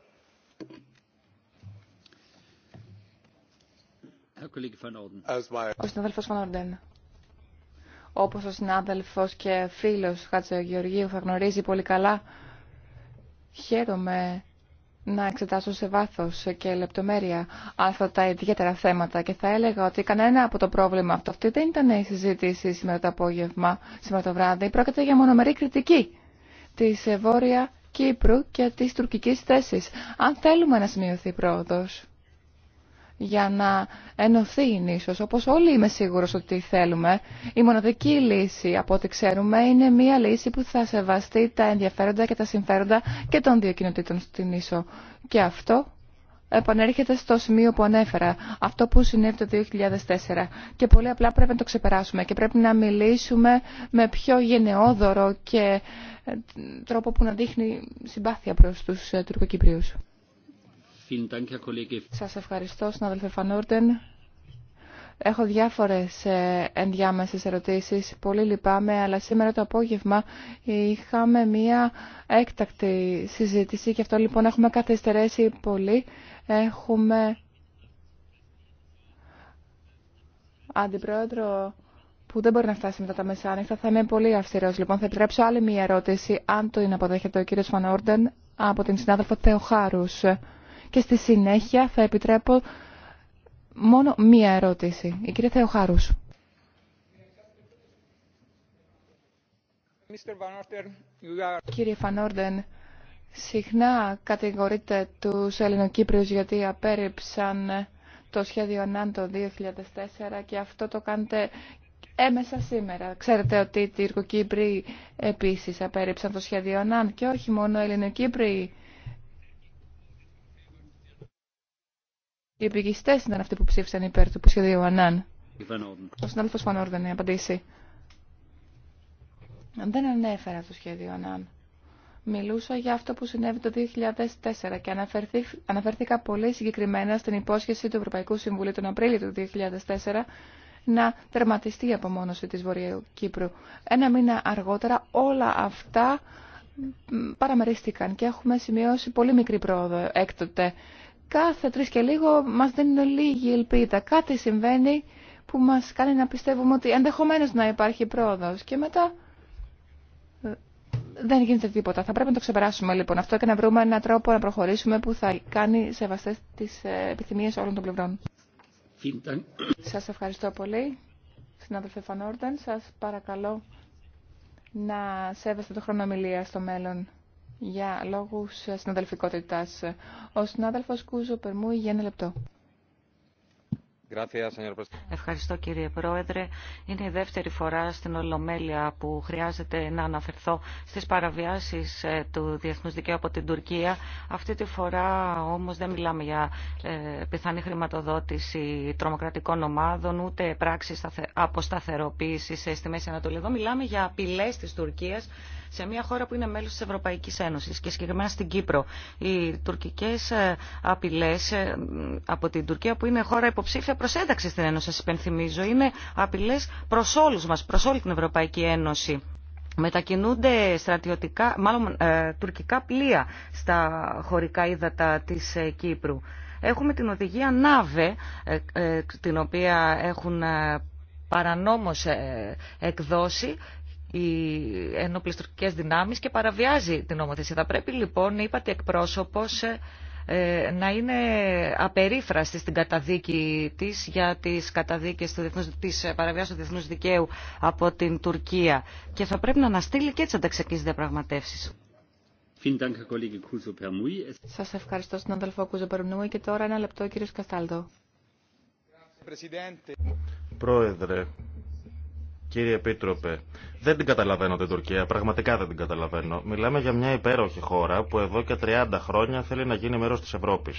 Ο συνάδελφος Φανόρντεν. Όπως ο συνάδελφος και φίλος Γεωργίου θα γνωρίζει πολύ καλά, χαίρομαι να εξετάσω σε βάθος και λεπτομέρεια αυτά τα ιδιαίτερα θέματα και θα έλεγα ότι κανένα από το πρόβλημα αυτό αυτή δεν ήταν η συζήτηση σήμερα το απόγευμα, σήμερα το βράδυ. Πρόκειται για μονομερή κριτική της Βόρεια Κύπρου και της τουρκικής θέσης. Αν θέλουμε να σημειωθεί πρόοδος για να ενωθεί η νήσος, όπως όλοι είμαι σίγουρος ότι θέλουμε. Η μοναδική λύση, από ό,τι ξέρουμε, είναι μια λύση που θα σεβαστεί τα ενδιαφέροντα και τα συμφέροντα και των δύο κοινοτήτων στην νήσο. Και αυτό επανέρχεται στο σημείο που ανέφερα, αυτό που συνέβη το 2004. Και πολύ απλά πρέπει να το ξεπεράσουμε και πρέπει να μιλήσουμε με πιο γενναιόδωρο και ε, τρόπο που να δείχνει συμπάθεια προς τους ε, Τουρκοκυπρίους. Σας ευχαριστώ, συνάδελφε Φανούρτεν. Έχω διάφορες ε, ενδιάμεσες ερωτήσεις. Πολύ λυπάμαι, αλλά σήμερα το απόγευμα είχαμε μία έκτακτη συζήτηση και αυτό λοιπόν έχουμε καθυστερέσει πολύ. Έχουμε αντιπρόεδρο που δεν μπορεί να φτάσει μετά τα μεσάνυχτα. Θα είμαι πολύ αυστηρός λοιπόν. Θα επιτρέψω άλλη μία ερώτηση, αν το είναι αποδέχεται ο κύριος Φανόρντεν, από την συνάδελφο Θεοχάρους και στη συνέχεια θα επιτρέπω μόνο μία ερώτηση. Η κυρία Θεοχάρους. Κύριε Φανόρντεν, συχνά κατηγορείτε τους Ελληνοκύπριους γιατί απέρριψαν το σχέδιο ΝΑΝ το 2004 και αυτό το κάνετε έμεσα σήμερα. Ξέρετε ότι οι Τυρκοκύπροι επίσης απέρριψαν το σχέδιο ΝΑΝ και όχι μόνο οι Ελληνοκύπριοι Οι επικιστές ήταν αυτοί που ψήφισαν υπέρ του σχεδίου Ανάν. Ο συνάδελφο Φανόρδεν, η απαντήση. Δεν ανέφερα το σχέδιο Ανάν. Μιλούσα για αυτό που συνέβη το 2004 και αναφέρθηκα πολύ συγκεκριμένα στην υπόσχεση του Ευρωπαϊκού Συμβουλίου τον Απρίλιο του 2004 να τερματιστεί η απομόνωση της Βορειοκύπρου. Κύπρου. Ένα μήνα αργότερα όλα αυτά παραμερίστηκαν και έχουμε σημειώσει πολύ μικρή πρόοδο έκτοτε κάθε τρεις και λίγο μας δίνουν λίγη ελπίδα. Κάτι συμβαίνει που μας κάνει να πιστεύουμε ότι ενδεχομένως να υπάρχει πρόοδος και μετά ε, δεν γίνεται τίποτα. Θα πρέπει να το ξεπεράσουμε λοιπόν αυτό και να βρούμε έναν τρόπο να προχωρήσουμε που θα κάνει σεβαστές τις ε, επιθυμίες όλων των πλευρών. Σας ευχαριστώ πολύ, συνάδελφε Φανόρντεν. Σας παρακαλώ να σέβεστε το χρόνο ομιλία στο μέλλον για λόγους συναδελφικότητας. Ο συνάδελφος Κούζο Περμούη για ένα λεπτό. Ευχαριστώ κύριε Πρόεδρε. Είναι η δεύτερη φορά στην Ολομέλεια που χρειάζεται να αναφερθώ στις παραβιάσεις ε, του διεθνούς δικαίου από την Τουρκία. Αυτή τη φορά όμως δεν μιλάμε για ε, πιθανή χρηματοδότηση τρομοκρατικών ομάδων ούτε πράξεις αποσταθεροποίησης ε, στη Μέση Ανατολή. Εδώ μιλάμε για απειλές της Τουρκίας σε μια χώρα που είναι μέλος της Ευρωπαϊκής Ένωσης και συγκεκριμένα στην Κύπρο. Οι τουρκικές ε, απειλές ε, από την Τουρκία που είναι χώρα υποψήφια προς ένταξη στην Ένωση, σας υπενθυμίζω, είναι απειλές προς όλους μας, προς όλη την Ευρωπαϊκή Ένωση. Μετακινούνται στρατιωτικά, μάλλον ε, τουρκικά πλοία στα χωρικά ύδατα της Κύπρου. Έχουμε την οδηγία ΝΑΒΕ, την οποία έχουν παρανόμως εκδώσει οι ενόπλες τουρκικές δυνάμεις και παραβιάζει την νομοθεσία. Θα πρέπει λοιπόν, είπατε εκπρόσωπος, ε, να είναι απερίφραστη στην καταδίκη της για τις καταδίκες του διεθνούς, της του διεθνούς δικαίου από την Τουρκία και θα πρέπει να αναστείλει και τις ανταξιακές διαπραγματεύσεις. Σας ευχαριστώ στον αδελφό Κούζο και τώρα ένα λεπτό κύριος Καστάλτο. Πρόεδρε, Κύριε Επίτροπε, δεν την καταλαβαίνω την Τουρκία, πραγματικά δεν την καταλαβαίνω. Μιλάμε για μια υπέροχη χώρα που εδώ και 30 χρόνια θέλει να γίνει μέρο τη Ευρώπη.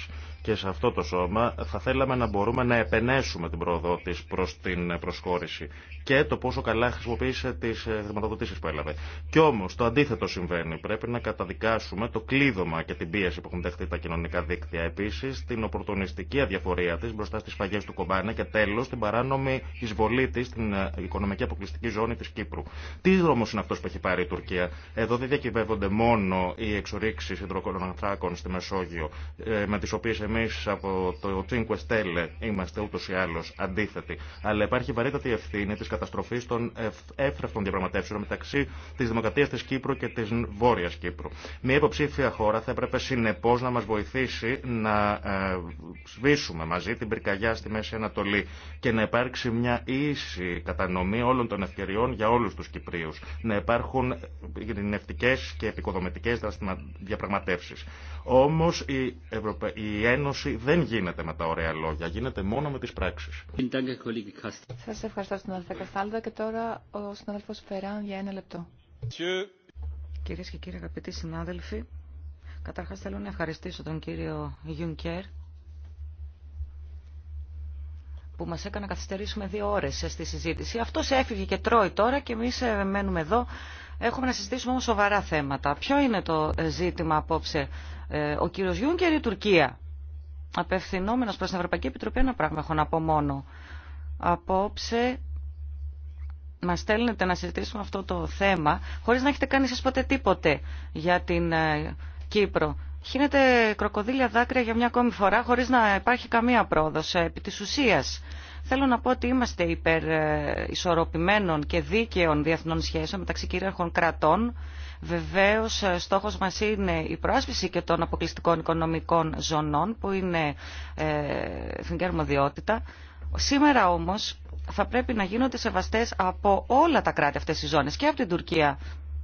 Και σε αυτό το σώμα θα θέλαμε να μπορούμε να επενέσουμε την πρόοδό τη προ την προσχώρηση και το πόσο καλά χρησιμοποίησε τι ε, χρηματοδοτήσει που έλαβε. Κι όμω το αντίθετο συμβαίνει. Πρέπει να καταδικάσουμε το κλείδωμα και την πίεση που έχουν δεχτεί τα κοινωνικά δίκτυα. Επίση την οπορτονιστική αδιαφορία τη μπροστά στι φαγέ του Κομπάνε και τέλο την παράνομη εισβολή τη στην ε, οικονομική αποκλειστική ζώνη τη Κύπρου. Τι δρόμο είναι αυτό που έχει πάρει η Τουρκία. Εδώ δεν διακυβεύονται μόνο οι εξορίξει ανθράκων στη Μεσόγειο, ε, με τι οποίε εμεί από το Τσίνκου Εστέλε είμαστε ούτω ή άλλω αντίθετοι. Αλλά υπάρχει βαρύτατη ευθύνη τη καταστροφή των έφραυτων διαπραγματεύσεων μεταξύ τη Δημοκρατία τη Κύπρου και τη Βόρεια Κύπρου. Μια υποψήφια χώρα θα έπρεπε συνεπώ να μα βοηθήσει να ε, σβήσουμε μαζί την πυρκαγιά στη Μέση Ανατολή και να υπάρξει μια ίση κατανομή όλων των ευκαιριών για όλου του Κυπρίου. Να υπάρχουν ειρηνευτικέ και επικοδομητικέ διαπραγματεύσει. Όμω η, Ευρωπα... η Ένωση δεν γίνεται με τα ωραία λόγια, γίνεται μόνο με τι πράξει. Σα ευχαριστώ, συνάδελφε Καστάλδα. Και τώρα ο συνάδελφο Φεράν για ένα λεπτό. Κυρίες και κύριοι αγαπητοί συνάδελφοι, καταρχά θέλω να ευχαριστήσω τον κύριο Γιουνκέρ που μας έκανε να καθυστερήσουμε δύο ώρες στη συζήτηση. Αυτός έφυγε και τρώει τώρα και εμείς ε, μένουμε εδώ. Έχουμε να συζητήσουμε όμως σοβαρά θέματα. Ποιο είναι το ε, ζήτημα απόψε, ε, ο κύριος Γιούγκερ ή η Τουρκία. Απευθυνόμενος προς την Ευρωπαϊκή Επιτροπή ένα πράγμα έχω να πω μόνο. Απόψε μα στέλνετε να συζητήσουμε αυτό το θέμα χωρίς να έχετε κάνει εσείς ποτέ τίποτε για την Κύπρο. Χύνεται κροκοδίλια δάκρυα για μια ακόμη φορά χωρίς να υπάρχει καμία πρόοδος. Ε, επί της ουσίας, θέλω να πω ότι είμαστε υπερ ε, ισορροπημένων και δίκαιων διεθνών σχέσεων μεταξύ κυρίαρχων κρατών. Βεβαίως, ε, στόχος μας είναι η προάσπιση και των αποκλειστικών οικονομικών ζωνών, που είναι εθνική αρμοδιότητα. Σήμερα όμως θα πρέπει να γίνονται σεβαστές από όλα τα κράτη αυτές οι ζώνες και από την Τουρκία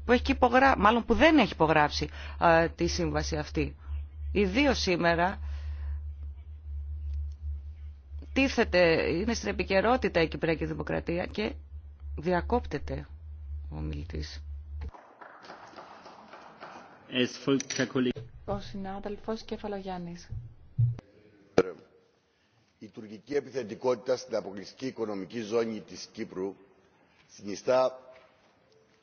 που, έχει υπογρά μάλλον που δεν έχει υπογράψει α, τη σύμβαση αυτή. Ιδίω σήμερα τίθεται, είναι στην επικαιρότητα η Κυπριακή Δημοκρατία και διακόπτεται ο μιλητής. Ο συνάδελφος Κεφαλογιάννης. Η τουρκική επιθετικότητα στην αποκλειστική οικονομική ζώνη της Κύπρου συνιστά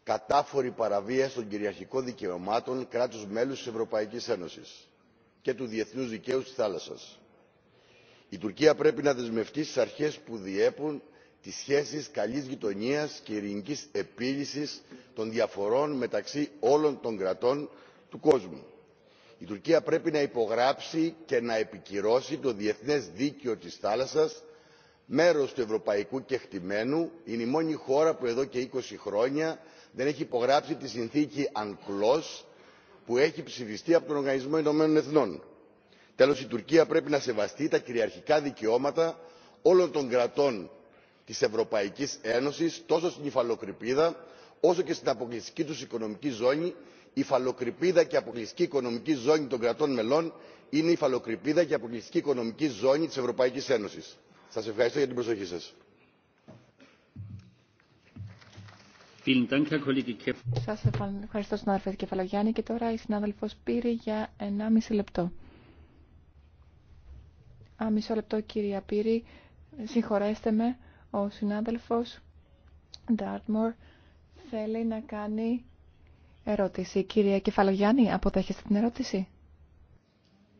κατάφορη παραβίαση των κυριαρχικών δικαιωμάτων κράτους μέλους της Ευρωπαϊκής Ένωσης και του διεθνούς δικαίου της θάλασσας. Η Τουρκία πρέπει να δεσμευτεί στις αρχές που διέπουν τις σχέσεις καλής γειτονίας και ειρηνικής επίλυσης των διαφορών μεταξύ όλων των κρατών του κόσμου. Η Τουρκία πρέπει να υπογράψει και να επικυρώσει το Διεθνές Δίκαιο της Θάλασσας, μέρος του ευρωπαϊκού κεκτημένου, είναι η μόνη χώρα που εδώ και 20 χρόνια δεν έχει υπογράψει τη συνθήκη UNCLOS που έχει ψηφιστεί από τον Οργανισμό Ηνωμένων Εθνών. Τέλος, η Τουρκία πρέπει να σεβαστεί τα κυριαρχικά δικαιώματα όλων των κρατών της Ευρωπαϊκής Ένωσης τόσο στην υφαλοκρηπίδα όσο και στην αποκλειστική του οικονομική ζώνη. Η υφαλοκρηπίδα και αποκλειστική οικονομική ζώνη των κρατών μελών είναι η υφαλοκρηπίδα και αποκλειστική οικονομική ζώνη της Ευρωπαϊκής Ένωσης. Σας ευχαριστώ για την προσοχή σας. Σας ευχαριστώ συνάδελφε Κεφαλογιάννη και τώρα η συνάδελφος πήρε για 1,5 λεπτό. Α, λεπτό κυρία Πύρη, συγχωρέστε με, ο συνάδελφος Ντάρτμορ θέλει να κάνει ερώτηση. Κυρία Κεφαλογιάννη, αποδέχεστε την ερώτηση.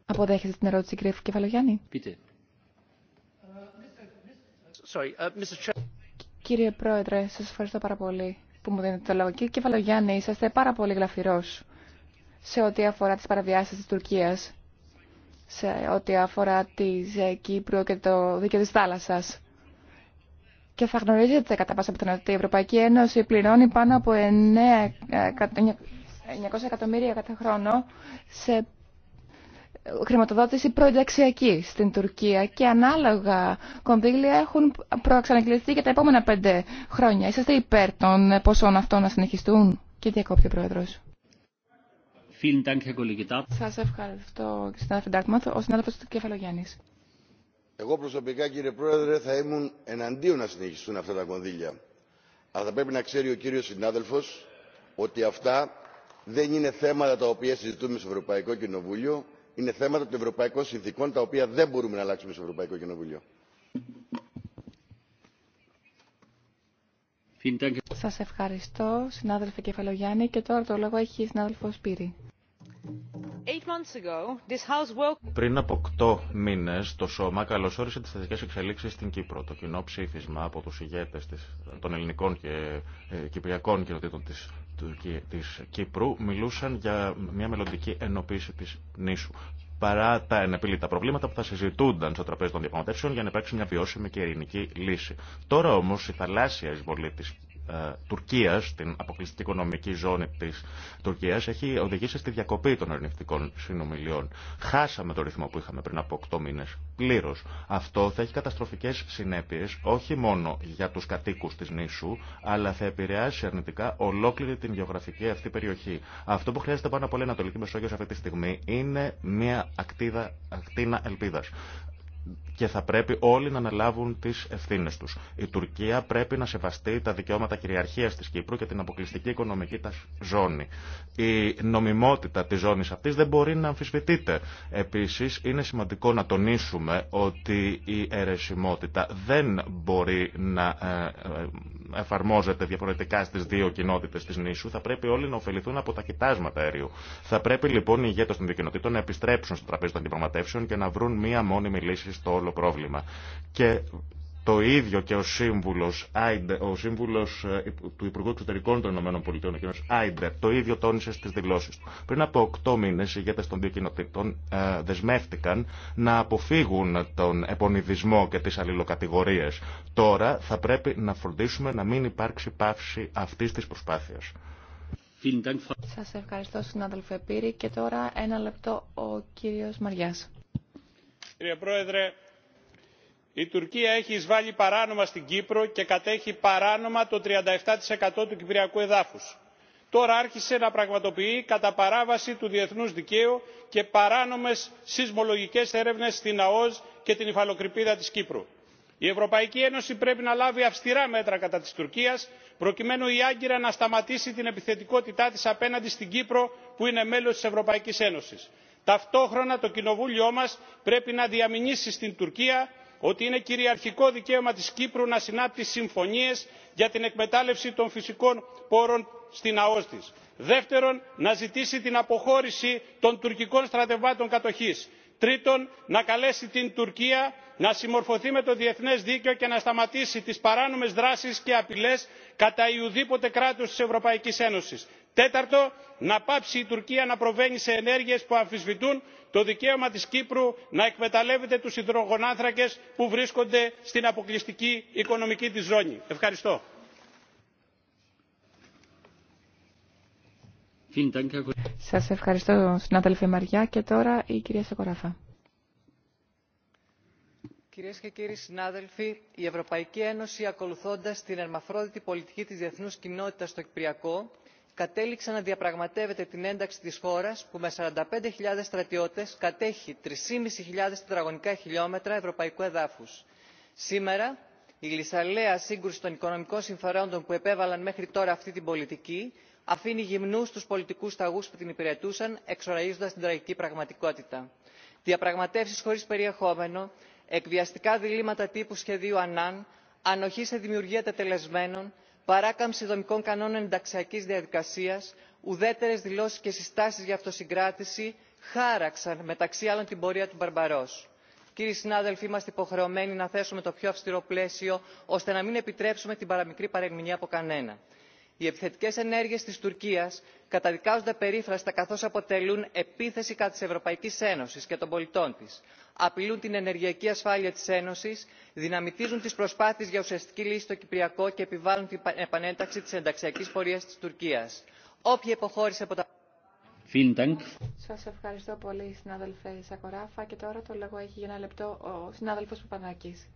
Αποδέχεστε την ερώτηση κύριε Κεφαλογιάννη. Πείτε. Sorry, uh, Κύριε Πρόεδρε, σας ευχαριστώ πάρα πολύ που μου δίνετε το λόγο. Κύριε Κεφαλογιάννη, είσαστε πάρα πολύ γλαφυρός σε ό,τι αφορά τις παραβιάσεις της Τουρκίας, σε ό,τι αφορά τη ε, Κύπρο και το δίκαιο της θάλασσα. Και θα γνωρίζετε κατά πάσα πιθανότητα ότι η Ευρωπαϊκή Ένωση πληρώνει πάνω από 900 εκατομμύρια κάθε χρόνο σε χρηματοδότηση προενταξιακή στην Τουρκία και ανάλογα κονδύλια έχουν προαξανακληθεί για τα επόμενα πέντε χρόνια. Είσαστε υπέρ των ποσών αυτών να συνεχιστούν. Και διακόπτει ο Σα Σα ευχαριστώ, συνάδελφε Ντάκμαθ. Ο συνάδελφο του Κεφαλογιάννη. Εγώ προσωπικά, κύριε Πρόεδρε, θα ήμουν εναντίον να συνεχιστούν αυτά τα κονδύλια. Αλλά θα πρέπει να ξέρει ο κύριο συνάδελφο ότι αυτά δεν είναι θέματα τα οποία συζητούμε στο Ευρωπαϊκό Κοινοβούλιο, είναι θέματα των ευρωπαϊκών συνθήκων τα οποία δεν μπορούμε να αλλάξουμε στο ευρωπαϊκό κοινοβούλιο. Σας ευχαριστώ, συνάδελφε Κεφαλογιάννη. Και τώρα το λόγο έχει η συνάδελφο Σπύρη. Πριν από 8 μήνε, το Σώμα καλωσόρισε τι θετικέ εξελίξει στην Κύπρο. Το κοινό ψήφισμα από του ηγέτε των ελληνικών και ε, κυπριακών κοινοτήτων τη της Κύπρου μιλούσαν για μια μελλοντική ενοποίηση της νήσου παρά τα ενεπίλητα προβλήματα που θα συζητούνταν στο τραπέζι των διαπραγματεύσεων για να υπάρξει μια βιώσιμη και ειρηνική λύση. Τώρα όμως η θαλάσσια εισβολή της. Ε, Τουρκίας, την αποκλειστική οικονομική ζώνη της Τουρκίας, έχει οδηγήσει στη διακοπή των αρνητικών συνομιλιών. Χάσαμε το ρυθμό που είχαμε πριν από 8 μήνες πλήρως. Αυτό θα έχει καταστροφικές συνέπειες όχι μόνο για τους κατοίκους της νήσου, αλλά θα επηρεάσει αρνητικά ολόκληρη την γεωγραφική αυτή περιοχή. Αυτό που χρειάζεται πάνω από όλα Ανατολική Μεσόγειος αυτή τη στιγμή είναι μια ακτίδα, ακτίνα ελπίδας και θα πρέπει όλοι να αναλάβουν τι ευθύνε του. Η Τουρκία πρέπει να σεβαστεί τα δικαιώματα κυριαρχία τη Κύπρου και την αποκλειστική οικονομική τη ζώνη. Η νομιμότητα τη ζώνη αυτή δεν μπορεί να αμφισβητείται. Επίση, είναι σημαντικό να τονίσουμε ότι η αιρεσιμότητα δεν μπορεί να ε, ε, εφαρμόζεται διαφορετικά στι δύο κοινότητε τη νήσου. Θα πρέπει όλοι να ωφεληθούν από τα κοιτάσματα αερίου. Θα πρέπει λοιπόν οι ηγέτε των δύο να επιστρέψουν στο τραπέζι των διαπραγματεύσεων και να βρουν μία μόνιμη λύση στο όλο πρόβλημα. Και το ίδιο και ο σύμβουλος, ε, του Υπουργού Εξωτερικών των ΗΠΑ, ο κ. Άιντερ, το ίδιο τόνισε στις δηλώσεις του. Πριν από 8 μήνες οι ηγέτες των δύο κοινοτήτων ε, δεσμεύτηκαν να αποφύγουν τον επονιδισμό και τις αλληλοκατηγορίες. Τώρα θα πρέπει να φροντίσουμε να μην υπάρξει πάυση αυτής της προσπάθειας. Σας ευχαριστώ συνάδελφε Πύρη και τώρα ένα λεπτό ο κύριος Μαριάς. Κύριε Πρόεδρε, η Τουρκία έχει εισβάλει παράνομα στην Κύπρο και κατέχει παράνομα το 37% του κυπριακού εδάφους. Τώρα άρχισε να πραγματοποιεί κατά παράβαση του διεθνούς δικαίου και παράνομες σεισμολογικές έρευνες στην ΑΟΣ και την υφαλοκρηπίδα της Κύπρου. Η Ευρωπαϊκή Ένωση πρέπει να λάβει αυστηρά μέτρα κατά της Τουρκίας, προκειμένου η Άγκυρα να σταματήσει την επιθετικότητά της απέναντι στην Κύπρο, που είναι μέλος της Ευρωπαϊκής Ένωσης ταυτόχρονα το κοινοβούλιο μας πρέπει να διαμηνήσει στην τουρκία ότι είναι κυριαρχικό δικαίωμα της κύπρου να συνάπτει συμφωνίες για την εκμετάλλευση των φυσικών πόρων στην ΑΟΣ δεύτερον να ζητήσει την αποχώρηση των τουρκικών στρατευμάτων κατοχής. τρίτον να καλέσει την τουρκία να συμμορφωθεί με το διεθνές δίκαιο και να σταματήσει τις παράνομες δράσεις και απειλές κατά ιουδήποτε κράτους της ευρωπαϊκής ένωσης τέταρτο να πάψει η τουρκία να προβαίνει σε ενέργειες που αμφισβητούν το δικαίωμα της κύπρου να εκμεταλλεύεται τους υδρογονάνθρακες που βρίσκονται στην αποκλειστική οικονομική της ζώνη. ευχαριστώ. Σας ευχαριστώ συνάδελφε Μαριά και τώρα η κυρία Σακοράφα. Κυρίες και κύριοι συνάδελφοι, η Ευρωπαϊκή Ένωση ακολουθώντας την ερμαφρόδιτη πολιτική της διεθνούς κοινότητας στο Κυπριακό κατέληξε να διαπραγματεύεται την ένταξη της χώρας που με 45.000 στρατιώτες κατέχει 3.500 τετραγωνικά χιλιόμετρα ευρωπαϊκού εδάφους. Σήμερα η λησαλέα σύγκρουση των οικονομικών συμφερόντων που επέβαλαν μέχρι τώρα αυτή την πολιτική αφήνει γυμνούς τους πολιτικούς ταγούς που την υπηρετούσαν εξοραίζοντας την τραγική πραγματικότητα. Διαπραγματεύσεις χωρίς περιεχόμενο, εκβιαστικά διλήμματα τύπου σχεδίου Ανάν, ανοχή σε δημιουργία τετελεσμένων, παράκαμψη δομικών κανόνων ενταξιακής διαδικασίας ουδέτερες δηλώσεις και συστάσεις για αυτοσυγκράτηση χάραξαν μεταξύ άλλων την πορεία του μπαρμπαρός. Κύριοι συνάδελφοι, είμαστε υποχρεωμένοι να θέσουμε το πιο αυστηρό πλαίσιο ώστε να μην επιτρέψουμε την παραμικρή παρερμηνία από κανένα. Οι επιθετικέ ενέργειε τη Τουρκία καταδικάζονται περίφραστα καθώ αποτελούν επίθεση κατά τη Ευρωπαϊκή Ένωση και των πολιτών τη απειλούν την ενεργειακή ασφάλεια της ένωσης δυναμητίζουν τις προσπάθειες για ουσιαστική λύση στο κυπριακό και επιβάλλουν την επανένταξη της ενταξιακής πορείας της τουρκίας. όποια υποχώρηση από τα Σας ευχαριστώ πολύ συνάδελφε Σακοράφα και τώρα το λόγο έχει για ένα λεπτό ο συνάδελφος Παπανάκης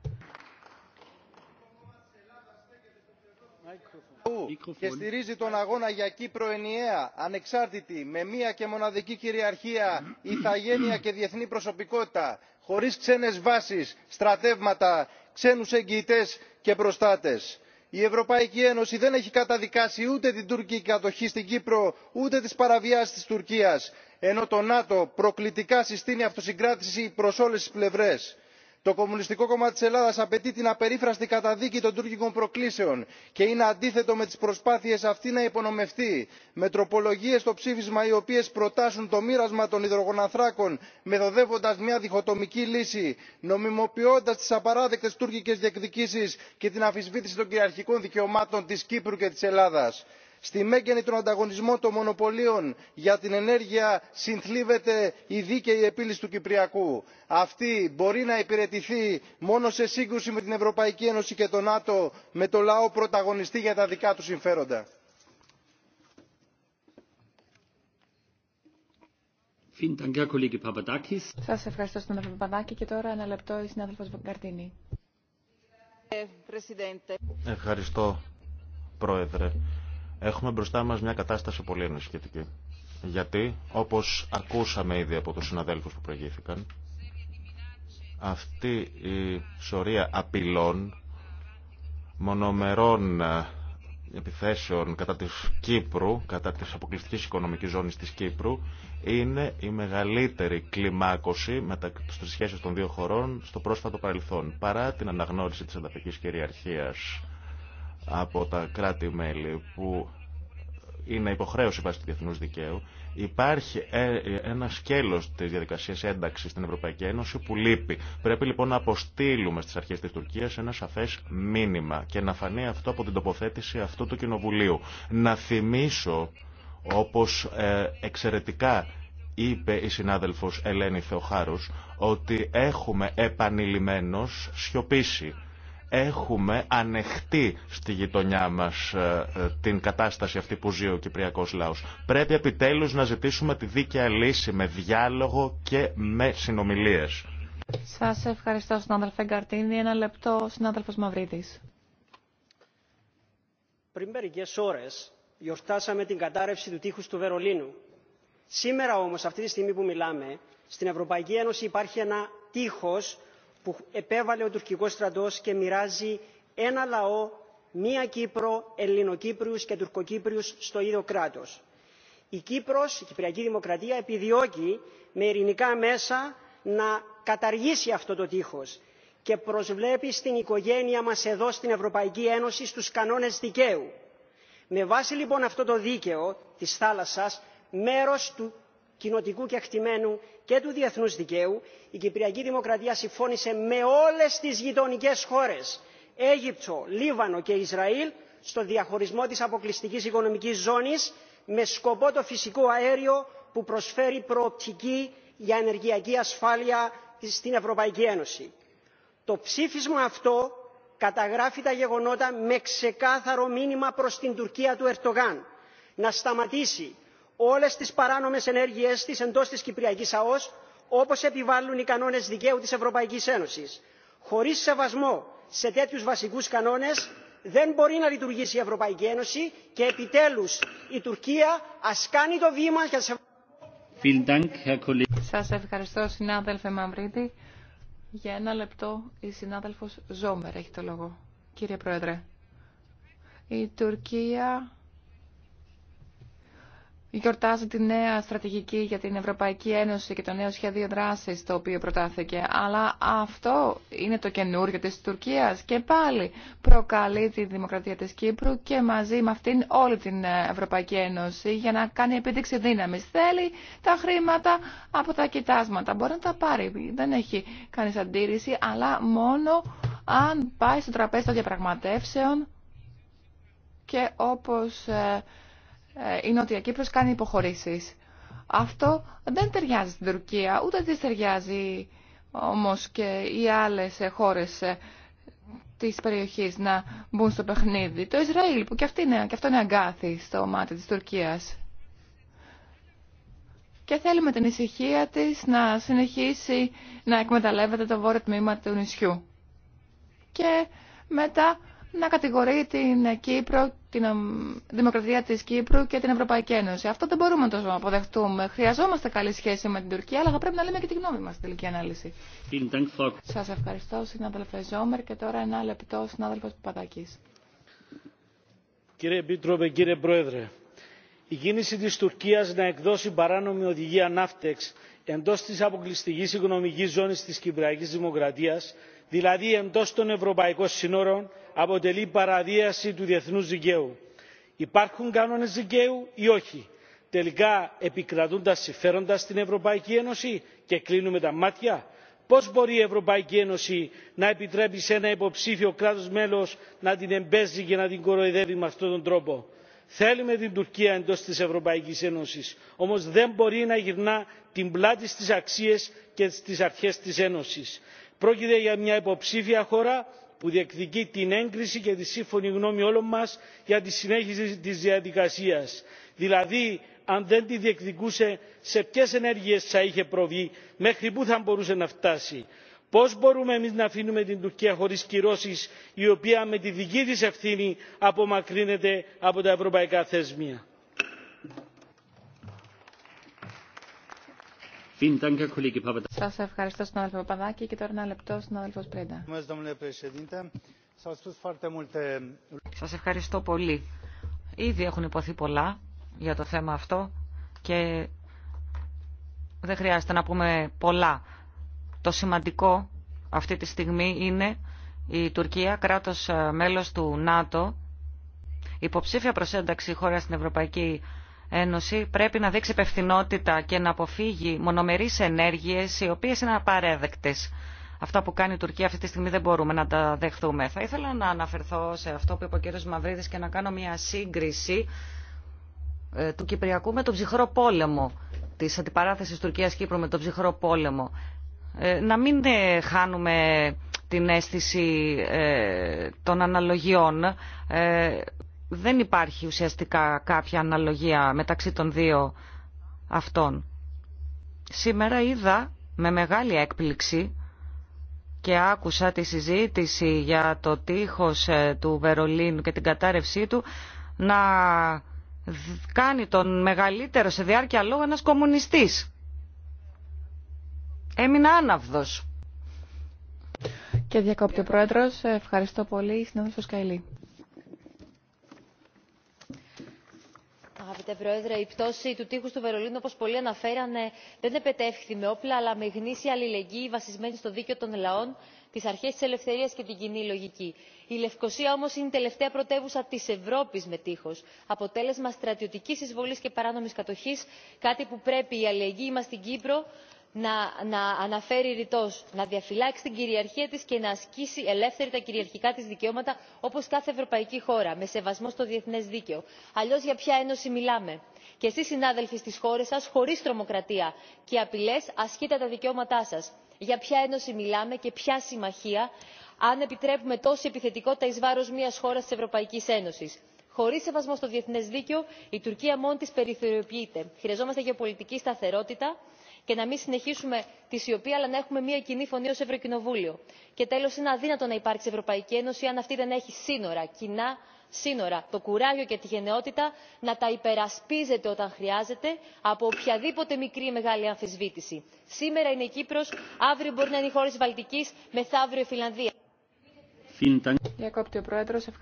και στηρίζει τον αγώνα για Κύπρο ενιαία, ανεξάρτητη, με μία και μοναδική κυριαρχία, ηθαγένεια και διεθνή προσωπικότητα, χωρίς ξένες βάσεις, στρατεύματα, ξένους εγγυητές και προστάτες. Η Ευρωπαϊκή Ένωση δεν έχει καταδικάσει ούτε την τουρκική κατοχή στην Κύπρο, ούτε τις παραβιάσεις της Τουρκίας, ενώ το ΝΑΤΟ προκλητικά συστήνει αυτοσυγκράτηση προς όλες τις πλευρές το κομμουνιστικό κόμμα της ελλάδας απαιτεί την απερίφραστη καταδίκη των τουρκικών προκλήσεων και είναι αντίθετο με τις προσπάθειες αυτή να υπονομευθεί με τροπολογίες στο ψήφισμα οι οποίες προτάσουν το μοίρασμα των υδρογοναθράκων μεθοδεύοντας μια διχοτομική λύση νομιμοποιώντας τις απαράδεκτες τουρκικές διεκδικήσεις και την αμφισβήτηση των κυριαρχικών δικαιωμάτων της κύπρου και της ελλάδας στη μέγενη των ανταγωνισμών των μονοπωλίων για την ενέργεια συνθλίβεται η δίκαιη επίλυση του κυπριακού. αυτή μπορεί να υπηρετηθεί μόνο σε σύγκρουση με την ευρωπαϊκή ένωση και το νατο με το λαό πρωταγωνιστή για τα δικά του συμφέροντα. ευχαριστώ στον και τώρα ένα η Έχουμε μπροστά μας μια κατάσταση πολύ ενισχυτική. Γιατί, όπως ακούσαμε ήδη από τους συναδέλφους που προηγήθηκαν, αυτή η σωρία απειλών, μονομερών ε, επιθέσεων κατά της Κύπρου, κατά της αποκλειστικής οικονομικής ζώνης της Κύπρου, είναι η μεγαλύτερη κλιμάκωση στις σχέσεις των δύο χωρών στο πρόσφατο παρελθόν. Παρά την αναγνώριση της ανταπικής κυριαρχίας από τα κράτη-μέλη που είναι υποχρέωση βάσει του διεθνού δικαίου, υπάρχει ε, ένα σκέλος της διαδικασίας ένταξης στην Ευρωπαϊκή Ένωση που λείπει. Πρέπει λοιπόν να αποστείλουμε στις αρχές της Τουρκίας ένα σαφές μήνυμα και να φανεί αυτό από την τοποθέτηση αυτού του Κοινοβουλίου. Να θυμίσω, όπω ε, εξαιρετικά είπε η συνάδελφος Ελένη Θεοχάρους, ότι έχουμε επανειλημμένως σιωπήσει Έχουμε ανεχτεί στη γειτονιά μας ε, ε, την κατάσταση αυτή που ζει ο Κυπριακός λαός. Πρέπει επιτέλους να ζητήσουμε τη δίκαια λύση με διάλογο και με συνομιλίες. Σας ευχαριστώ, συνάδελφε Γκαρτίνη. Ένα λεπτό, συνάδελφος Μαυρίδης. Πριν μερικέ ώρες γιορτάσαμε την κατάρρευση του τείχους του Βερολίνου. Σήμερα όμως, αυτή τη στιγμή που μιλάμε, στην Ευρωπαϊκή Ένωση υπάρχει ένα τείχος που επέβαλε ο τουρκικός στρατός και μοιράζει ένα λαό, μία Κύπρο, Ελληνοκύπριους και Τουρκοκύπριους στο ίδιο κράτος. Η Κύπρος, η Κυπριακή Δημοκρατία, επιδιώκει με ειρηνικά μέσα να καταργήσει αυτό το τείχος και προσβλέπει στην οικογένεια μας εδώ στην Ευρωπαϊκή Ένωση στους κανόνες δικαίου. Με βάση λοιπόν αυτό το δίκαιο της θάλασσας μέρος του κοινοτικού ακτιμένου και του διεθνούς δικαίου η κυπριακή δημοκρατία συμφώνησε με όλες τις γειτονικές χώρες αίγυπτο λίβανο και ισραήλ στο διαχωρισμό της αποκλειστικής οικονομικής ζώνης με σκοπό το φυσικό αέριο που προσφέρει προοπτική για ενεργειακή ασφάλεια στην ευρωπαϊκή ένωση. το ψήφισμα αυτό καταγράφει τα γεγονότα με ξεκάθαρο μήνυμα προς την τουρκία του Ερτογάν να σταματήσει όλες τις παράνομες ενέργειές της εντός της κυπριακής αός όπως επιβάλλουν οι κανόνες δικαίου της ευρωπαϊκής ένωσης. χωρίς σεβασμό σε τέτοιους βασικούς κανόνες δεν μπορεί να λειτουργήσει η ευρωπαϊκή ένωση και επιτέλους η τουρκία ας κάνει το βήμα για σε. Σας ευχαριστώ συνάδελφε Για ένα λεπτό η συνάδελφος έχει το λόγο. Κύριε Πρόεδρε, η Τουρκία γιορτάζει τη νέα στρατηγική για την Ευρωπαϊκή Ένωση και το νέο σχέδιο δράση το οποίο προτάθηκε. Αλλά αυτό είναι το καινούριο της Τουρκίας και πάλι προκαλεί τη δημοκρατία της Κύπρου και μαζί με αυτήν όλη την Ευρωπαϊκή Ένωση για να κάνει επίδειξη δύναμη. Θέλει τα χρήματα από τα κοιτάσματα. Μπορεί να τα πάρει. Δεν έχει κανεί αντίρρηση, αλλά μόνο αν πάει στο τραπέζι των διαπραγματεύσεων και όπως ε, ε, η Νότια Κύπρος κάνει υποχωρήσεις. Αυτό δεν ταιριάζει στην Τουρκία, ούτε δεν ταιριάζει όμως και οι άλλες ε, χώρες ε, της περιοχής να μπουν στο παιχνίδι. Το Ισραήλ που και, αυτή είναι, και αυτό είναι αγκάθι στο μάτι της Τουρκίας. Και θέλουμε την ησυχία της να συνεχίσει να εκμεταλλεύεται το βόρειο τμήμα του νησιού. Και μετά να κατηγορεί την Κύπρο την ε, Δημοκρατία της Κύπρου και την Ευρωπαϊκή Ένωση. Αυτό δεν μπορούμε τόσο να αποδεχτούμε. Χρειαζόμαστε καλή σχέση με την Τουρκία, αλλά θα πρέπει να λέμε και τη γνώμη μας στην τελική ανάλυση. Σας ευχαριστώ, συνάδελφε Ζόμερ, και τώρα ένα λεπτό, συνάδελφος Παπαδάκης. Κύριε Επίτροπε, κύριε Πρόεδρε, η κίνηση της Τουρκίας να εκδώσει παράνομη οδηγία ναύτεξ εντός της αποκλειστικής οικονομικής ζώνης της Κυπριακής Δημοκρατίας δηλαδή εντός των ευρωπαϊκών συνόρων αποτελεί παραβίαση του διεθνούς δικαίου. υπάρχουν κανόνες δικαίου ή όχι; τελικά επικρατούν τα συμφέροντα στην ευρωπαϊκή ένωση και κλείνουμε τα μάτια; πώς μπορεί η ευρωπαϊκή ένωση να επιτρέπει σε ένα υποψήφιο κράτος μέλος να την εμπέζει και να την κοροϊδεύει με αυτόν τον τρόπο; θέλουμε την τουρκία εντός της ευρωπαϊκής ένωσης όμως δεν μπορεί να γυρνά την πλάτη στι αξίε και στι αρχέ τη Ένωση πρόκειται για μια υποψήφια χώρα που διεκδικεί την έγκριση και τη σύμφωνη γνώμη όλων μας για τη συνέχιση της διαδικασίας. δηλαδή αν δεν τη διεκδικούσε σε ποιες ενέργειες θα είχε προβεί μέχρι πού θα μπορούσε να φτάσει. πώς μπορούμε εμείς να αφήνουμε την τουρκία χωρίς κυρώσεις η οποία με τη δική της ευθύνη απομακρύνεται από τα ευρωπαϊκά θεσμία. Σας ευχαριστώ στον αδελφό Παπαδάκη και τώρα ένα λεπτό στον αδελφό Σπρέντα. Σας ευχαριστώ πολύ. Ήδη έχουν υποθεί πολλά για το θέμα αυτό και δεν χρειάζεται να πούμε πολλά. Το σημαντικό αυτή τη στιγμή είναι η Τουρκία, κράτος ε, μέλος του ΝΑΤΟ, υποψήφια προσένταξη χώρα στην Ευρωπαϊκή Ένωση Ένωση πρέπει να δείξει υπευθυνότητα και να αποφύγει μονομερείς ενέργειες οι οποίες είναι απαρέδεκτες. Αυτά που κάνει η Τουρκία αυτή τη στιγμή δεν μπορούμε να τα δεχθούμε. Θα ήθελα να αναφερθώ σε αυτό που είπε ο κ. Μαυρίδης και να κάνω μια σύγκριση ε, του Κυπριακού με τον ψυχρό πόλεμο, της αντιπαράθεσης Τουρκίας-Κύπρου με τον ψυχρό πόλεμο. Ε, να μην ε, χάνουμε την αίσθηση των αναλογιών δεν υπάρχει ουσιαστικά κάποια αναλογία μεταξύ των δύο αυτών. Σήμερα είδα με μεγάλη έκπληξη και άκουσα τη συζήτηση για το τείχος ε, του Βερολίνου και την κατάρρευσή του να κάνει τον μεγαλύτερο σε διάρκεια λόγω ένας κομμουνιστής. Έμεινα άναυδος. Και διακόπτει ο Πρόεδρος. Ευχαριστώ πολύ. Συνάδελφος Καηλή. Αγαπητέ Πρόεδρε, η πτώση του τείχους του Βερολίνου, όπως πολλοί αναφέρανε, δεν επετεύχθη με όπλα, αλλά με γνήσια αλληλεγγύη βασισμένη στο δίκαιο των λαών, τις αρχές της ελευθερίας και την κοινή λογική. Η Λευκοσία όμως, είναι η τελευταία πρωτεύουσα της Ευρώπης με τείχος. αποτέλεσμα στρατιωτική εισβολής και παράνομης κατοχής, κάτι που πρέπει η αλληλεγγύη μας στην Κύπρο να, αναφέρει ρητός να διαφυλάξει την κυριαρχία της και να ασκήσει ελεύθερη τα κυριαρχικά της δικαιώματα όπως κάθε ευρωπαϊκή χώρα με σεβασμό στο διεθνές δίκαιο. αλλιώς για ποια ένωση μιλάμε. και εσείς συνάδελφοι στις χώρες σας χωρίς τρομοκρατία και απειλές ασκείτε τα δικαιώματά σας. για ποια ένωση μιλάμε και ποια συμμαχία αν επιτρέπουμε τόση επιθετικότητα εις βάρος μιας χώρας της ευρωπαϊκής ένωσης. Χωρί σεβασμό στο διεθνέ δίκαιο, η Τουρκία μόνη τη περιθωριοποιείται. Χρειαζόμαστε γεωπολιτική σταθερότητα και να μην συνεχίσουμε τη σιωπή αλλά να έχουμε μια κοινή φωνή ω Ευρωκοινοβούλιο. Και τέλο, είναι αδύνατο να υπάρξει Ευρωπαϊκή Ένωση αν αυτή δεν έχει σύνορα, κοινά σύνορα, το κουράγιο και τη γενναιότητα να τα υπερασπίζεται όταν χρειάζεται από οποιαδήποτε μικρή ή μεγάλη αμφισβήτηση. Σήμερα είναι η Κύπρος, αύριο μπορεί να είναι οι χώρε Βαλτική, μεθαύριο η Φιλανδία. χωρε βαλτικη μεθαυριο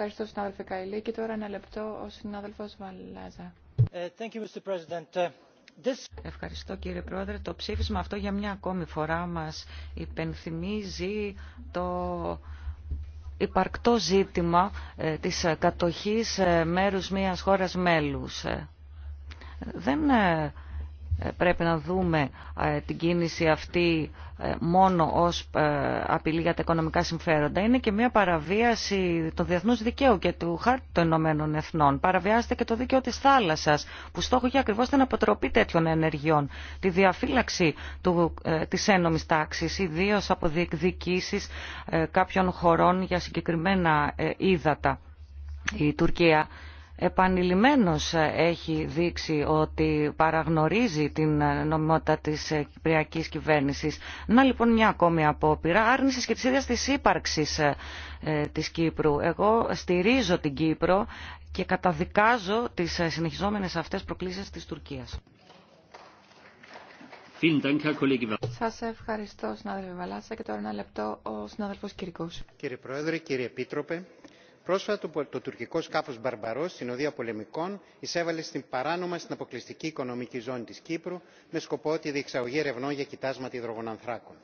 η φιλανδια Ευχαριστώ κύριε Πρόεδρε. Το ψήφισμα αυτό για μια ακόμη φορά μας υπενθυμίζει το υπαρκτό ζήτημα ε, της κατοχής ε, μέρους μιας χώρας μέλους. Ε, δεν ε, πρέπει να δούμε ε, την κίνηση αυτή ε, μόνο ως απειλή για τα οικονομικά συμφέροντα. Είναι και μια παραβίαση του διεθνούς δικαίου και του χάρτη των Ηνωμένων Εθνών. Παραβιάζεται και το δίκαιο της θάλασσας, που στόχο έχει ακριβώς την αποτροπή τέτοιων ενεργειών. Τη διαφύλαξη του, της ένομης τάξης, ιδίως από διεκδικήσεις κάποιων χωρών για συγκεκριμένα ύδατα. Η Τουρκία επανειλημμένος έχει δείξει ότι παραγνωρίζει την νομιμότητα της κυπριακής κυβέρνησης. Να λοιπόν μια ακόμη απόπειρα άρνησης και της ίδιας της ύπαρξης ε, της Κύπρου. Εγώ στηρίζω την Κύπρο και καταδικάζω τις ε, συνεχιζόμενες αυτές προκλήσεις της Τουρκίας. Σα ευχαριστώ, συνάδελφε Βαλάσσα. Και τώρα ένα λεπτό ο συνάδελφο Κύριε Πρόεδρε, κύριε Επίτροπε, πρόσφατα το τουρκικό σκάφος μπαρμπαρός Οδεία πολεμικών εισέβαλε παράνομα στην αποκλειστική οικονομική ζώνη τη κύπρου με σκοπό τη διεξαγωγή ερευνών για κοιτάσματα υδρογονανθράκων.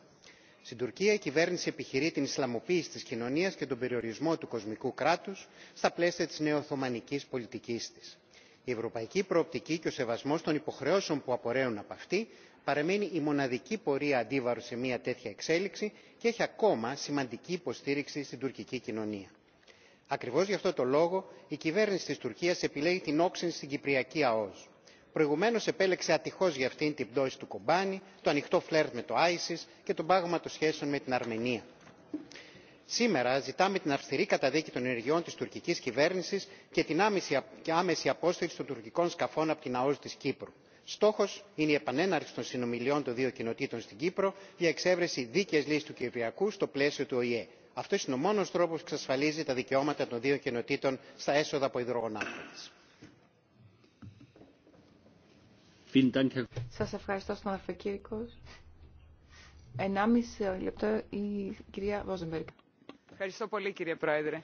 στην τουρκία η κυβέρνηση επιχειρεί την ισλαμοποίηση τη κοινωνία και τον περιορισμό του κοσμικού κράτου στα πλαίσια τη νεοοθωμανική πολιτική τη. η ευρωπαϊκή προοπτική και ο σεβασμό των υποχρεώσεων που απορρέουν από αυτή παραμένει η μοναδική πορεία αντίβαρο σε μια τέτοια εξέλιξη και έχει ακόμα σημαντική υποστήριξη στην τουρκική κοινωνία ακριβώς γι' αυτό το λόγο η κυβέρνηση της τουρκίας επιλέγει την όξυνση στην κυπριακή ΑΟΣ. προηγουμένως επέλεξε ατυχώς για αυτήν την πτώση του κομπάνη το ανοιχτό φλερτ με το isis και το πάγωμα των σχέσεων με την αρμενία. σήμερα ζητάμε την αυστηρή καταδίκη των ενεργειών της τουρκικής κυβέρνησης και την άμεση απόσυρση των τουρκικών σκαφών από την ΑΟΣ της κύπρου. στόχος είναι η επανέναρξη των συνομιλιών των δύο κοινοτήτων στην κύπρο για εξέβρεση δίκαιης λύσης του κυπριακού στο πλαίσιο του οηε αυτό είναι ο μόνο τρόπο που εξασφαλίζει τα δικαιώματα των δύο κοινοτήτων στα έσοδα από υδρογονάνθρακα. Σα ευχαριστώ στον Αρφεκύρικο. Ενάμιση λεπτό η κυρία Βόζεμπερκ. Ευχαριστώ πολύ κύριε Πρόεδρε.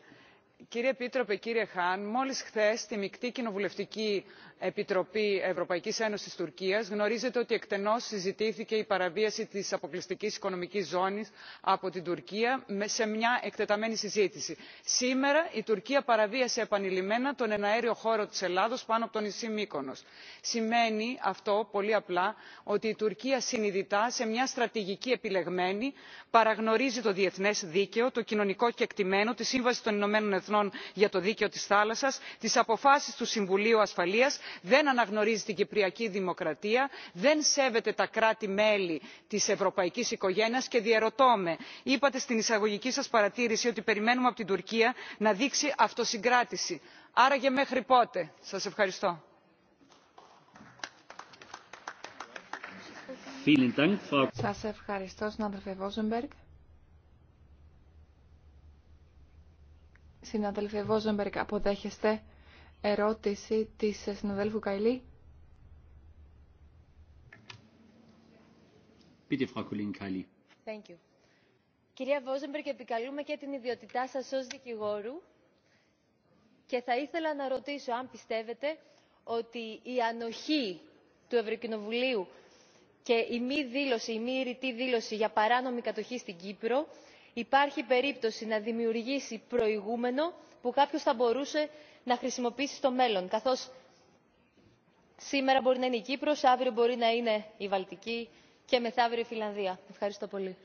Κύριε Επίτροπε, κύριε Χάν, μόλις χθες στη μεικτή κοινοβουλευτική επιτροπή ευρωπαϊκής ένωσης τουρκίας γνωρίζετε ότι εκτενώς συζητήθηκε η παραβίαση της αποκλειστικής οικονομικής ζώνης από την τουρκία σε μια εκτεταμένη συζήτηση. σήμερα η τουρκία παραβίασε επανειλημμένα τον εναέριο χώρο της ελλάδος πάνω από το νησί μύκονος. σημαίνει αυτό πολύ απλά ότι η τουρκία συνειδητά σε μια στρατηγική επιλεγμένη παραγνωρίζει το διεθνές δίκαιο το κοινωνικό κεκτημένο τη σύμβαση των ηνωμένων εθνών για το δίκαιο της θάλασσας τις αποφάσεις του συμβουλίου ασφαλείας δεν αναγνωρίζει την κυπριακή δημοκρατία δεν σέβεται τα κράτη μέλη της ευρωπαϊκής οικογένειας και διαρωτώ με είπατε στην εισαγωγική σας παρατήρηση ότι περιμένουμε από την τουρκία να δείξει αυτοσυγκράτηση. Άρα άραγε μέχρι πότε; σας ευχαριστώ. Σας ευχαριστώ, συνάδελφε Συνάδελφε αποδέχεστε ερώτηση της συναδέλφου Καϊλή. Thank you. Κυρία Βόζεμπερκ, επικαλούμε και την ιδιότητά σας ως δικηγόρου και θα ήθελα να ρωτήσω αν πιστεύετε ότι η ανοχή του Ευρωκοινοβουλίου και η μη δήλωση, η μη ρητή δήλωση για παράνομη κατοχή στην Κύπρο υπάρχει περίπτωση να δημιουργήσει προηγούμενο που κάποιος θα μπορούσε να χρησιμοποιήσει στο μέλλον καθώς σήμερα μπορεί να είναι η Κύπρος, αύριο μπορεί να είναι η Βαλτική και μεθαύριο η Φιλανδία. Ευχαριστώ πολύ.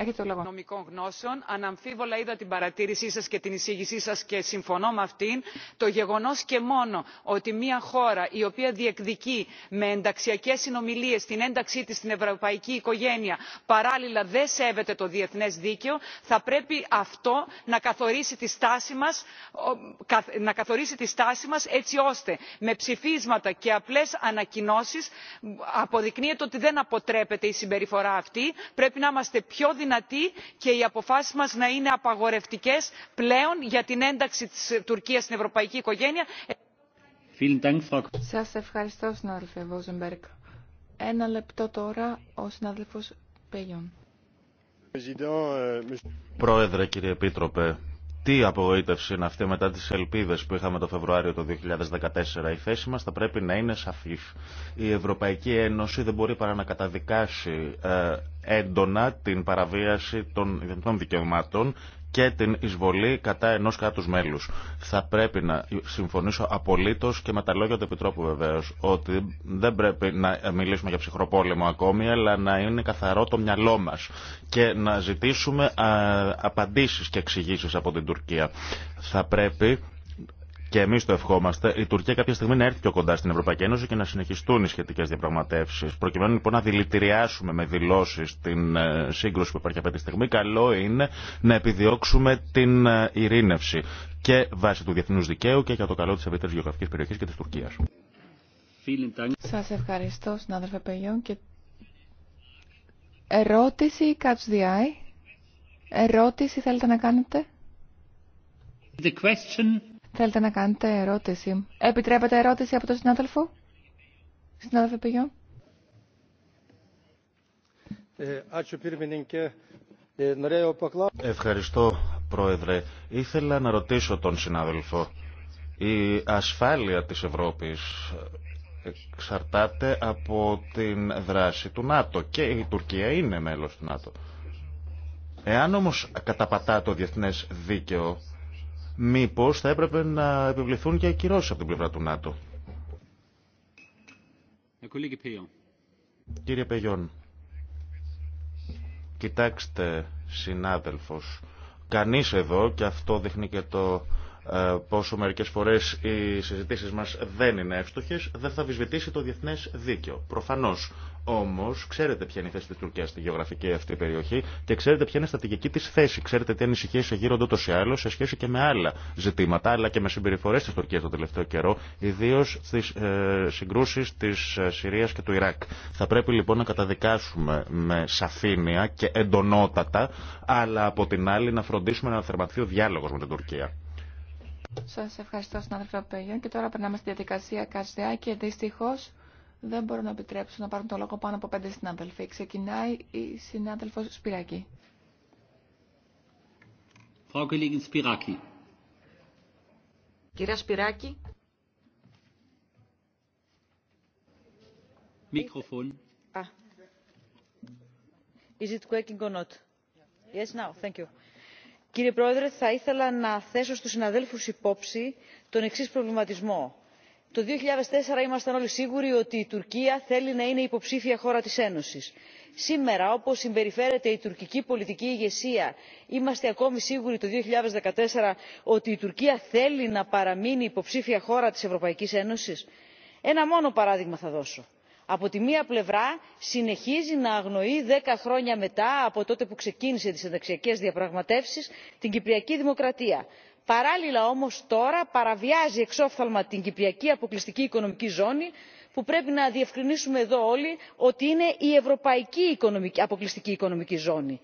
Έχετε το λόγο. γνώσεων. Αναμφίβολα είδα την παρατήρησή σας και την εισήγησή σας και συμφωνώ με αυτήν. Το γεγονός και μόνο ότι μια χώρα η οποία διεκδικεί με ενταξιακές συνομιλίες την ένταξή της στην ευρωπαϊκή οικογένεια παράλληλα δεν σέβεται το διεθνές δίκαιο θα πρέπει αυτό να καθορίσει τη στάση μα να καθορίσει τη στάση μας έτσι ώστε με ψηφίσματα και απλές ανακοινώσεις αποδεικνύεται ότι δεν αποτρέπεται η συμπεριφορά αυτή. Πρέπει να είμαστε πιο δυνατοί δυνατή και οι αποφάσεις μας να είναι απαγορευτικές πλέον για την ένταξη της Τουρκίας στην ευρωπαϊκή οικογένεια. Σας ευχαριστώ, συνάδελφε Βόζεμπεργκ. Ένα λεπτό τώρα, ο συνάδελφος Πέγιον. Euh, Πρόεδρε, κύριε Επίτροπε, τι απογοήτευση είναι αυτή μετά τις ελπίδες που είχαμε το Φεβρουάριο το 2014. Η θέση μας θα πρέπει να είναι σαφή. Η Ευρωπαϊκή Ένωση δεν μπορεί παρά να καταδικάσει ε, έντονα την παραβίαση των ιδιωτικών δικαιωμάτων και την εισβολή κατά ενός κράτους μέλους. Θα πρέπει να συμφωνήσω απολύτως και με τα λόγια του Επιτρόπου βεβαίως ότι δεν πρέπει να μιλήσουμε για ψυχροπόλεμο ακόμη αλλά να είναι καθαρό το μυαλό μας και να ζητήσουμε ε, απαντήσεις και εξηγήσεις από την Τουρκία. Θα πρέπει και εμεί το ευχόμαστε, η Τουρκία κάποια στιγμή να έρθει πιο κοντά στην Ευρωπαϊκή Ένωση και να συνεχιστούν οι σχετικέ διαπραγματεύσει. Προκειμένου λοιπόν να δηλητηριάσουμε με δηλώσει την ε, σύγκρουση που υπάρχει αυτή τη στιγμή, καλό είναι να επιδιώξουμε την ε, ειρήνευση και βάσει του διεθνού δικαίου και για το καλό τη ευρύτερη γεωγραφική περιοχή και τη Τουρκία. Σα ευχαριστώ, συνάδελφε Και... Ερώτηση, Ερώτηση θέλετε να κάνετε. The question Θέλετε να κάνετε ερώτηση. Επιτρέπετε ερώτηση από τον συνάδελφο. Συνάδελφε Πηγιό. Ευχαριστώ, Πρόεδρε. Ήθελα να ρωτήσω τον συνάδελφο. Η ασφάλεια της Ευρώπης εξαρτάται από την δράση του ΝΑΤΟ και η Τουρκία είναι μέλος του ΝΑΤΟ. Εάν όμως καταπατά το διεθνές δίκαιο, μήπως θα έπρεπε να επιβληθούν και ακυρώσεις από την πλευρά του ΝΑΤΟ. Κύριε Πεγιόν, κοιτάξτε συνάδελφος, κανείς εδώ, και αυτό δείχνει και το ε, πόσο μερικές φορές οι συζητήσεις μας δεν είναι εύστοχες, δεν θα βυσβητήσει το διεθνές δίκαιο. Προφανώς. Όμως, ξέρετε ποια είναι η θέση της Τουρκίας στη γεωγραφική αυτή περιοχή και ξέρετε ποια είναι η στατηγική της θέση. Ξέρετε τι ανησυχίε εγείρονται ούτω ή άλλο σε σχέση και με άλλα ζητήματα, αλλά και με συμπεριφορές της Τουρκίας το τελευταίο καιρό, ιδίως στις ε, συγκρούσεις της ε, Συρίας και του Ιράκ. Θα πρέπει λοιπόν να καταδικάσουμε με σαφήνεια και εντονότατα, αλλά από την άλλη να φροντίσουμε να θερμανθεί ο διάλογος με την Τουρκία. Σας ευχαριστώ, συνάδελφε Πέγιον. Και τώρα περνάμε στη διαδικασία ΚΑΣΔΙΑ και δυστυχώ δεν μπορώ να επιτρέψω να πάρουν το λόγο πάνω από πέντε συνάδελφοι. Ξεκινάει η συνάδελφος Σπυράκη. Κυρία Σπυράκη. Μικροφόν. Is it working or not? Yes, now. Thank you κύριε πρόεδρε θα ήθελα να θέσω στους συναδέλφους υπόψη τον εξής προβληματισμό το 2004 ήμασταν όλοι σίγουροι ότι η Τουρκία θέλει να είναι υποψήφια χώρα της Ένωσης. Σήμερα, όπως συμπεριφέρεται η τουρκική πολιτική ηγεσία, είμαστε ακόμη σίγουροι το 2014 ότι η Τουρκία θέλει να παραμείνει υποψήφια χώρα της Ευρωπαϊκής Ένωσης. Ένα μόνο παράδειγμα θα δώσω από τη μία πλευρά συνεχίζει να αγνοεί δέκα χρόνια μετά από τότε που ξεκίνησε τις ενταξιακές διαπραγματεύσεις την κυπριακή δημοκρατία. παράλληλα όμως τώρα παραβιάζει εξόφθαλμα την κυπριακή αποκλειστική οικονομική ζώνη που πρέπει να διευκρινίσουμε εδώ όλοι ότι είναι η ευρωπαϊκή αποκλειστική οικονομική ζώνη.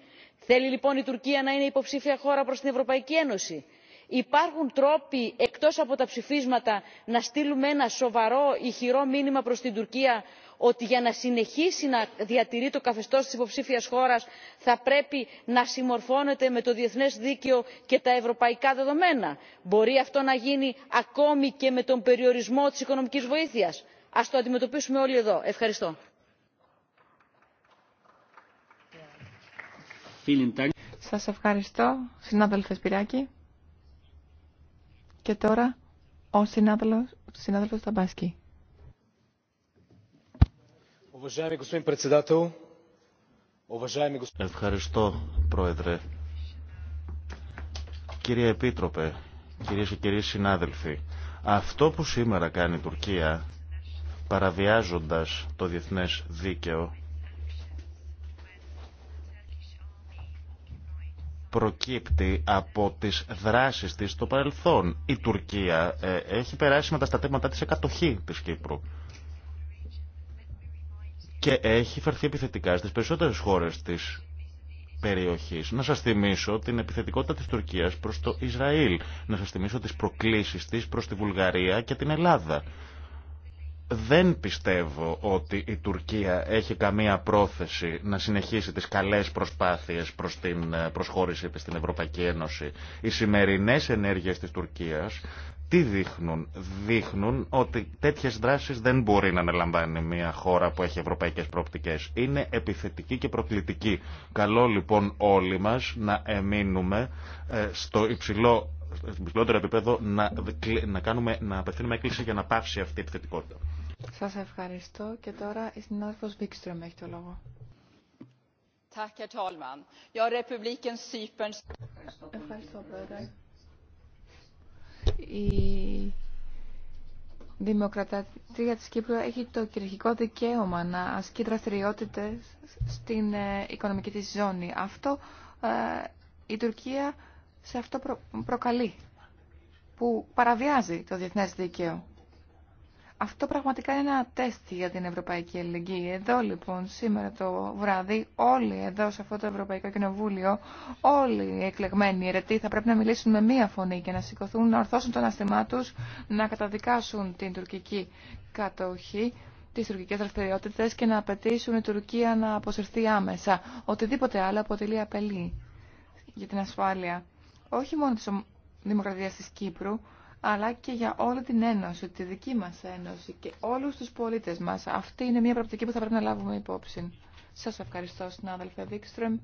θέλει λοιπόν η τουρκία να είναι υποψήφια χώρα προς την ευρωπαϊκή ένωση; υπάρχουν τρόποι εκτός από τα ψηφίσματα να στείλουμε ένα σοβαρό ηχηρό μήνυμα προς την τουρκία ότι για να συνεχίσει να διατηρεί το καθεστώ της υποψήφια χώρας θα πρέπει να συμμορφώνεται με το διεθνές δίκαιο και τα ευρωπαϊκά δεδομένα. μπορεί αυτό να γίνει ακόμη και με τον περιορισμό της οικονομικής βοήθειας. Α το αντιμετωπίσουμε όλοι εδώ. ευχαριστώ. Σας ευχαριστώ, συνάδελφε Σπυράκη. Και τώρα ο συνάδελφος, Ευχαριστώ, Πρόεδρε. Κύριε Επίτροπε, κυρίες και κύριοι συνάδελφοι, αυτό που σήμερα κάνει η Τουρκία, παραβιάζοντας το διεθνές δίκαιο, προκύπτει από τις δράσεις της στο παρελθόν. Η Τουρκία ε, έχει περάσει με τα στατέματά της σε κατοχή της Κύπρου και έχει φερθεί επιθετικά στις περισσότερες χώρες της περιοχής. Να σας θυμίσω την επιθετικότητα της Τουρκίας προς το Ισραήλ. Να σας θυμίσω τις προκλήσεις της προς τη Βουλγαρία και την Ελλάδα δεν πιστεύω ότι η Τουρκία έχει καμία πρόθεση να συνεχίσει τις καλές προσπάθειες προς την ε, προσχώρησή της στην Ευρωπαϊκή Ένωση. Οι σημερινές ενέργειες της Τουρκίας τι δείχνουν. Δείχνουν ότι τέτοιες δράσεις δεν μπορεί να αναλαμβάνει μια χώρα που έχει ευρωπαϊκές προοπτικές. Είναι επιθετική και προκλητική. Καλό λοιπόν όλοι μας να εμείνουμε ε, στο υψηλό στην υψηλότερο επίπεδο να, να, κάνουμε, να απευθύνουμε έκκληση για να πάψει αυτή η επιθετικότητα. Σας ευχαριστώ και τώρα η συνάδελφος Βίκστρομ έχει το λόγο. Ευχαριστώ, Πρόεδρε. Η Δημοκρατία της Κύπρου έχει το κυριαρχικό δικαίωμα να ασκεί δραστηριότητε στην ε, οικονομική της ζώνη. Αυτό ε, η Τουρκία σε αυτό προκαλεί, που παραβιάζει το διεθνές δικαίωμα. Αυτό πραγματικά είναι ένα τεστ για την Ευρωπαϊκή Ελληνική. Εδώ λοιπόν σήμερα το βράδυ όλοι εδώ σε αυτό το Ευρωπαϊκό Κοινοβούλιο, όλοι οι εκλεγμένοι ερετοί θα πρέπει να μιλήσουν με μία φωνή και να σηκωθούν, να ορθώσουν τον αναστημά του, να καταδικάσουν την τουρκική κατοχή τι τουρκικέ δραστηριότητε και να απαιτήσουν η Τουρκία να αποσυρθεί άμεσα. Οτιδήποτε άλλο αποτελεί απελή για την ασφάλεια όχι μόνο τη δημοκρατία τη Κύπρου, αλλά και για όλη την Ένωση, τη δική μας Ένωση και όλους τους πολίτες μας. Αυτή είναι μια πρακτική που θα πρέπει να λάβουμε υπόψη. Σας ευχαριστώ, συνάδελφε Βίκστρεμ.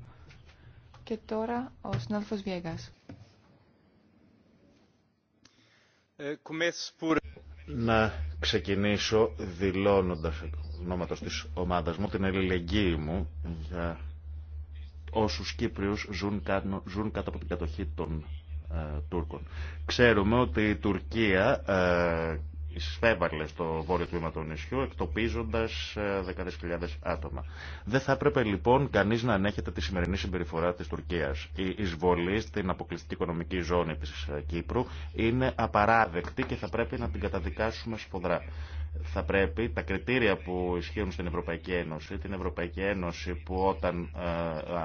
Και τώρα ο συνάδελφος Βιέγας. Να ξεκινήσω δηλώνοντας ονόματος της ομάδας μου την ελληνική μου για όσους Κύπριους ζουν, ζουν κάτω από την κατοχή των ε, Ξέρουμε ότι η Τουρκία ε, εισφέβαλε στο βόρειο τμήμα του νησιού, εκτοπίζοντας 10.000 ε, χιλιάδε άτομα. Δεν θα έπρεπε λοιπόν κανείς να ανέχεται τη σημερινή συμπεριφορά της Τουρκίας. Η εισβολή στην αποκλειστική οικονομική ζώνη της Κύπρου είναι απαράδεκτη και θα πρέπει να την καταδικάσουμε σφοδρά θα πρέπει τα κριτήρια που ισχύουν στην Ευρωπαϊκή Ένωση, την Ευρωπαϊκή Ένωση που όταν ε,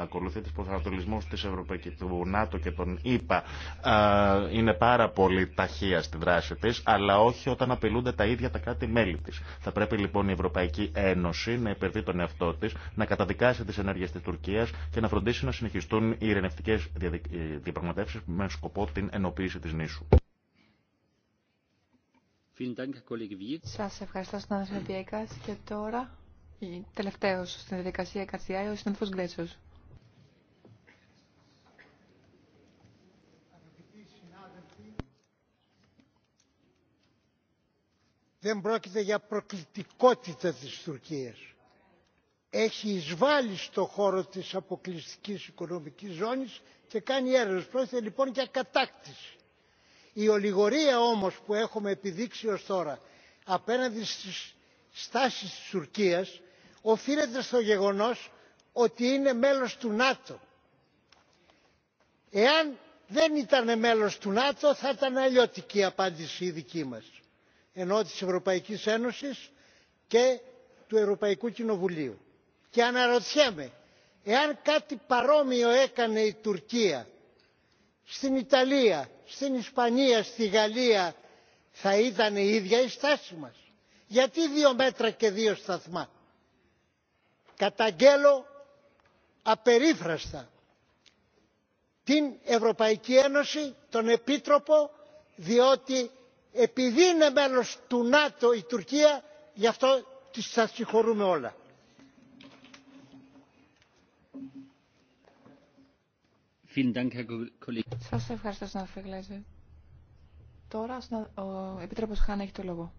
ακολουθεί τις προσανατολισμούς της Ευρωπαϊκής, του ΝΑΤΟ και των ΗΠΑ ε, είναι πάρα πολύ ταχεία στη δράση της, αλλά όχι όταν απειλούνται τα ίδια τα κράτη-μέλη της. Θα πρέπει λοιπόν η Ευρωπαϊκή Ένωση να υπερβεί τον εαυτό της, να καταδικάσει τις ενέργειες της Τουρκίας και να φροντίσει να συνεχιστούν οι ειρηνευτικές διαπραγματεύσεις με σκοπό την ενοποίηση της νήσου. Σας ευχαριστώ συνάδελφε Πιέκας. και τώρα τελευταίος στην διαδικασία Καρτιάη ο συνάδελφος Γκρέτσος. Δεν πρόκειται για προκλητικότητα της Τουρκίας. Έχει εισβάλει στο χώρο της αποκλειστικής οικονομικής ζώνης και κάνει έρευνες. Πρόκειται λοιπόν για κατάκτηση η ολιγορία όμως που έχουμε επιδείξει ως τώρα απέναντι στις στάσεις της τουρκίας οφείλεται στο γεγονός ότι είναι μέλος του νάτο. εάν δεν ήταν μέλος του νάτο θα ήταν αλλιώτικη η απάντηση η δική μας ενώ της ευρωπαϊκής ένωσης και του ευρωπαϊκού κοινοβουλίου. και αναρωτιέμαι εάν κάτι παρόμοιο έκανε η τουρκία στην Ιταλία, στην Ισπανία, στη Γαλλία θα ήταν η ίδια η στάση μας. Γιατί δύο μέτρα και δύο σταθμά. Καταγγέλλω απερίφραστα την Ευρωπαϊκή Ένωση, τον Επίτροπο, διότι επειδή είναι μέλος του ΝΑΤΟ η Τουρκία, γι' αυτό τις θα συγχωρούμε όλα. Σας ευχαριστώ, συνάδελφε Γκλέζη. Τώρα ο Επίτροπος Χάν έχει το λόγο.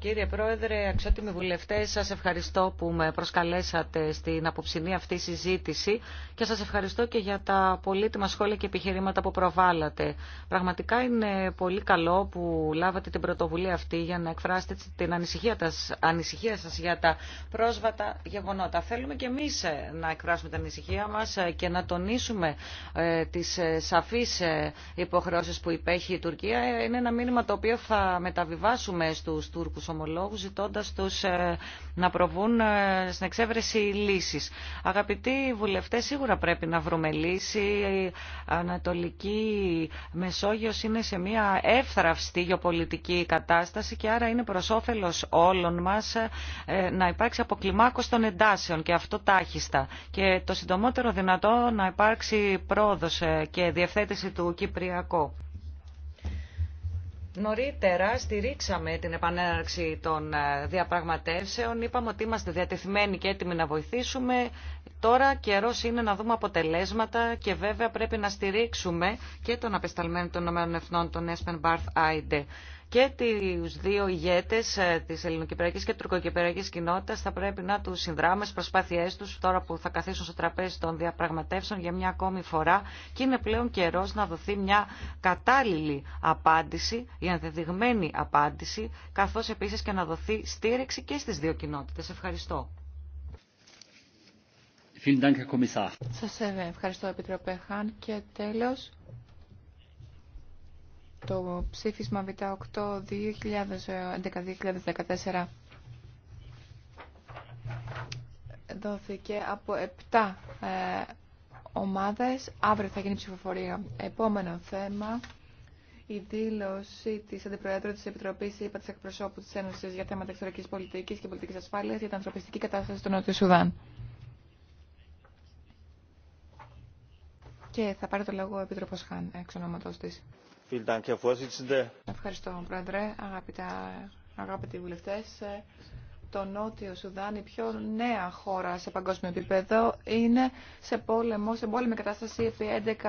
Κύριε Πρόεδρε, αξιότιμοι βουλευτές, σας ευχαριστώ που με προσκαλέσατε στην αποψινή αυτή συζήτηση και σας ευχαριστώ και για τα πολύτιμα σχόλια και επιχειρήματα που προβάλλατε. Πραγματικά είναι πολύ καλό που λάβατε την πρωτοβουλία αυτή για να εκφράσετε την ανησυχία, σα σας για τα πρόσβατα γεγονότα. Θέλουμε και εμείς ε, να εκφράσουμε την ανησυχία μας ε, και να τονίσουμε ε, τις σαφείς υποχρεώσεις που υπέχει η Τουρκία. Είναι ένα μήνυμα το οποίο θα μεταβιβάσουμε στους Τούρκους ζητώντα του τους ε, να προβούν ε, στην εξέβρεση λύσει. Αγαπητοί βουλευτέ σίγουρα πρέπει να βρούμε λύση. Η Ανατολική Μεσόγειος είναι σε μια εύθραυστη γεωπολιτική κατάσταση και άρα είναι προ όφελο όλων μας ε, να υπάρξει αποκλιμάκωση των εντάσεων και αυτό τάχιστα. Και το συντομότερο δυνατό να υπάρξει πρόοδος και διευθέτηση του Κυπριακού. Νωρίτερα στηρίξαμε την επανέναρξη των ε, διαπραγματεύσεων. Είπαμε ότι είμαστε διατεθειμένοι και έτοιμοι να βοηθήσουμε. Τώρα καιρός είναι να δούμε αποτελέσματα και βέβαια πρέπει να στηρίξουμε και τον απεσταλμένο των ΗΕ, τον Έσπεν Μπαρθ Άιντε και τους δύο ηγέτες ε, της ελληνοκυπριακής και τουρκοκυπριακής κοινότητας θα πρέπει να τους συνδράμε στις προσπάθειές τους τώρα που θα καθίσουν στο τραπέζι των διαπραγματεύσεων για μια ακόμη φορά και είναι πλέον καιρός να δοθεί μια κατάλληλη απάντηση, η ανδεδειγμένη απάντηση, καθώς επίσης και να δοθεί στήριξη και στις δύο κοινότητες. Ευχαριστώ. Σας ε, ευχαριστώ Επιτροπέ Χάν και τέλος το ψήφισμα Β8 2011-2014 δόθηκε από 7 ε, ομάδες. Αύριο θα γίνει ψηφοφορία. Επόμενο θέμα, η δήλωση της Αντιπροέδρου της Επιτροπής ΥΠΑ της Εκπροσώπου της Ένωσης για θέματα εξωτερικής πολιτικής και πολιτικής ασφάλειας για την ανθρωπιστική κατάσταση στο Νότιο Σουδάν. Και θα πάρει το λόγο ο Επίτροπος Χάν, εξ ονόματός της. Ευχαριστώ, Πρόεδρε, αγαπητοί βουλευτές. Ε, το Νότιο Σουδάν, η πιο νέα χώρα σε παγκόσμιο επίπεδο, είναι σε πόλεμο, σε πόλεμη κατάσταση επί 11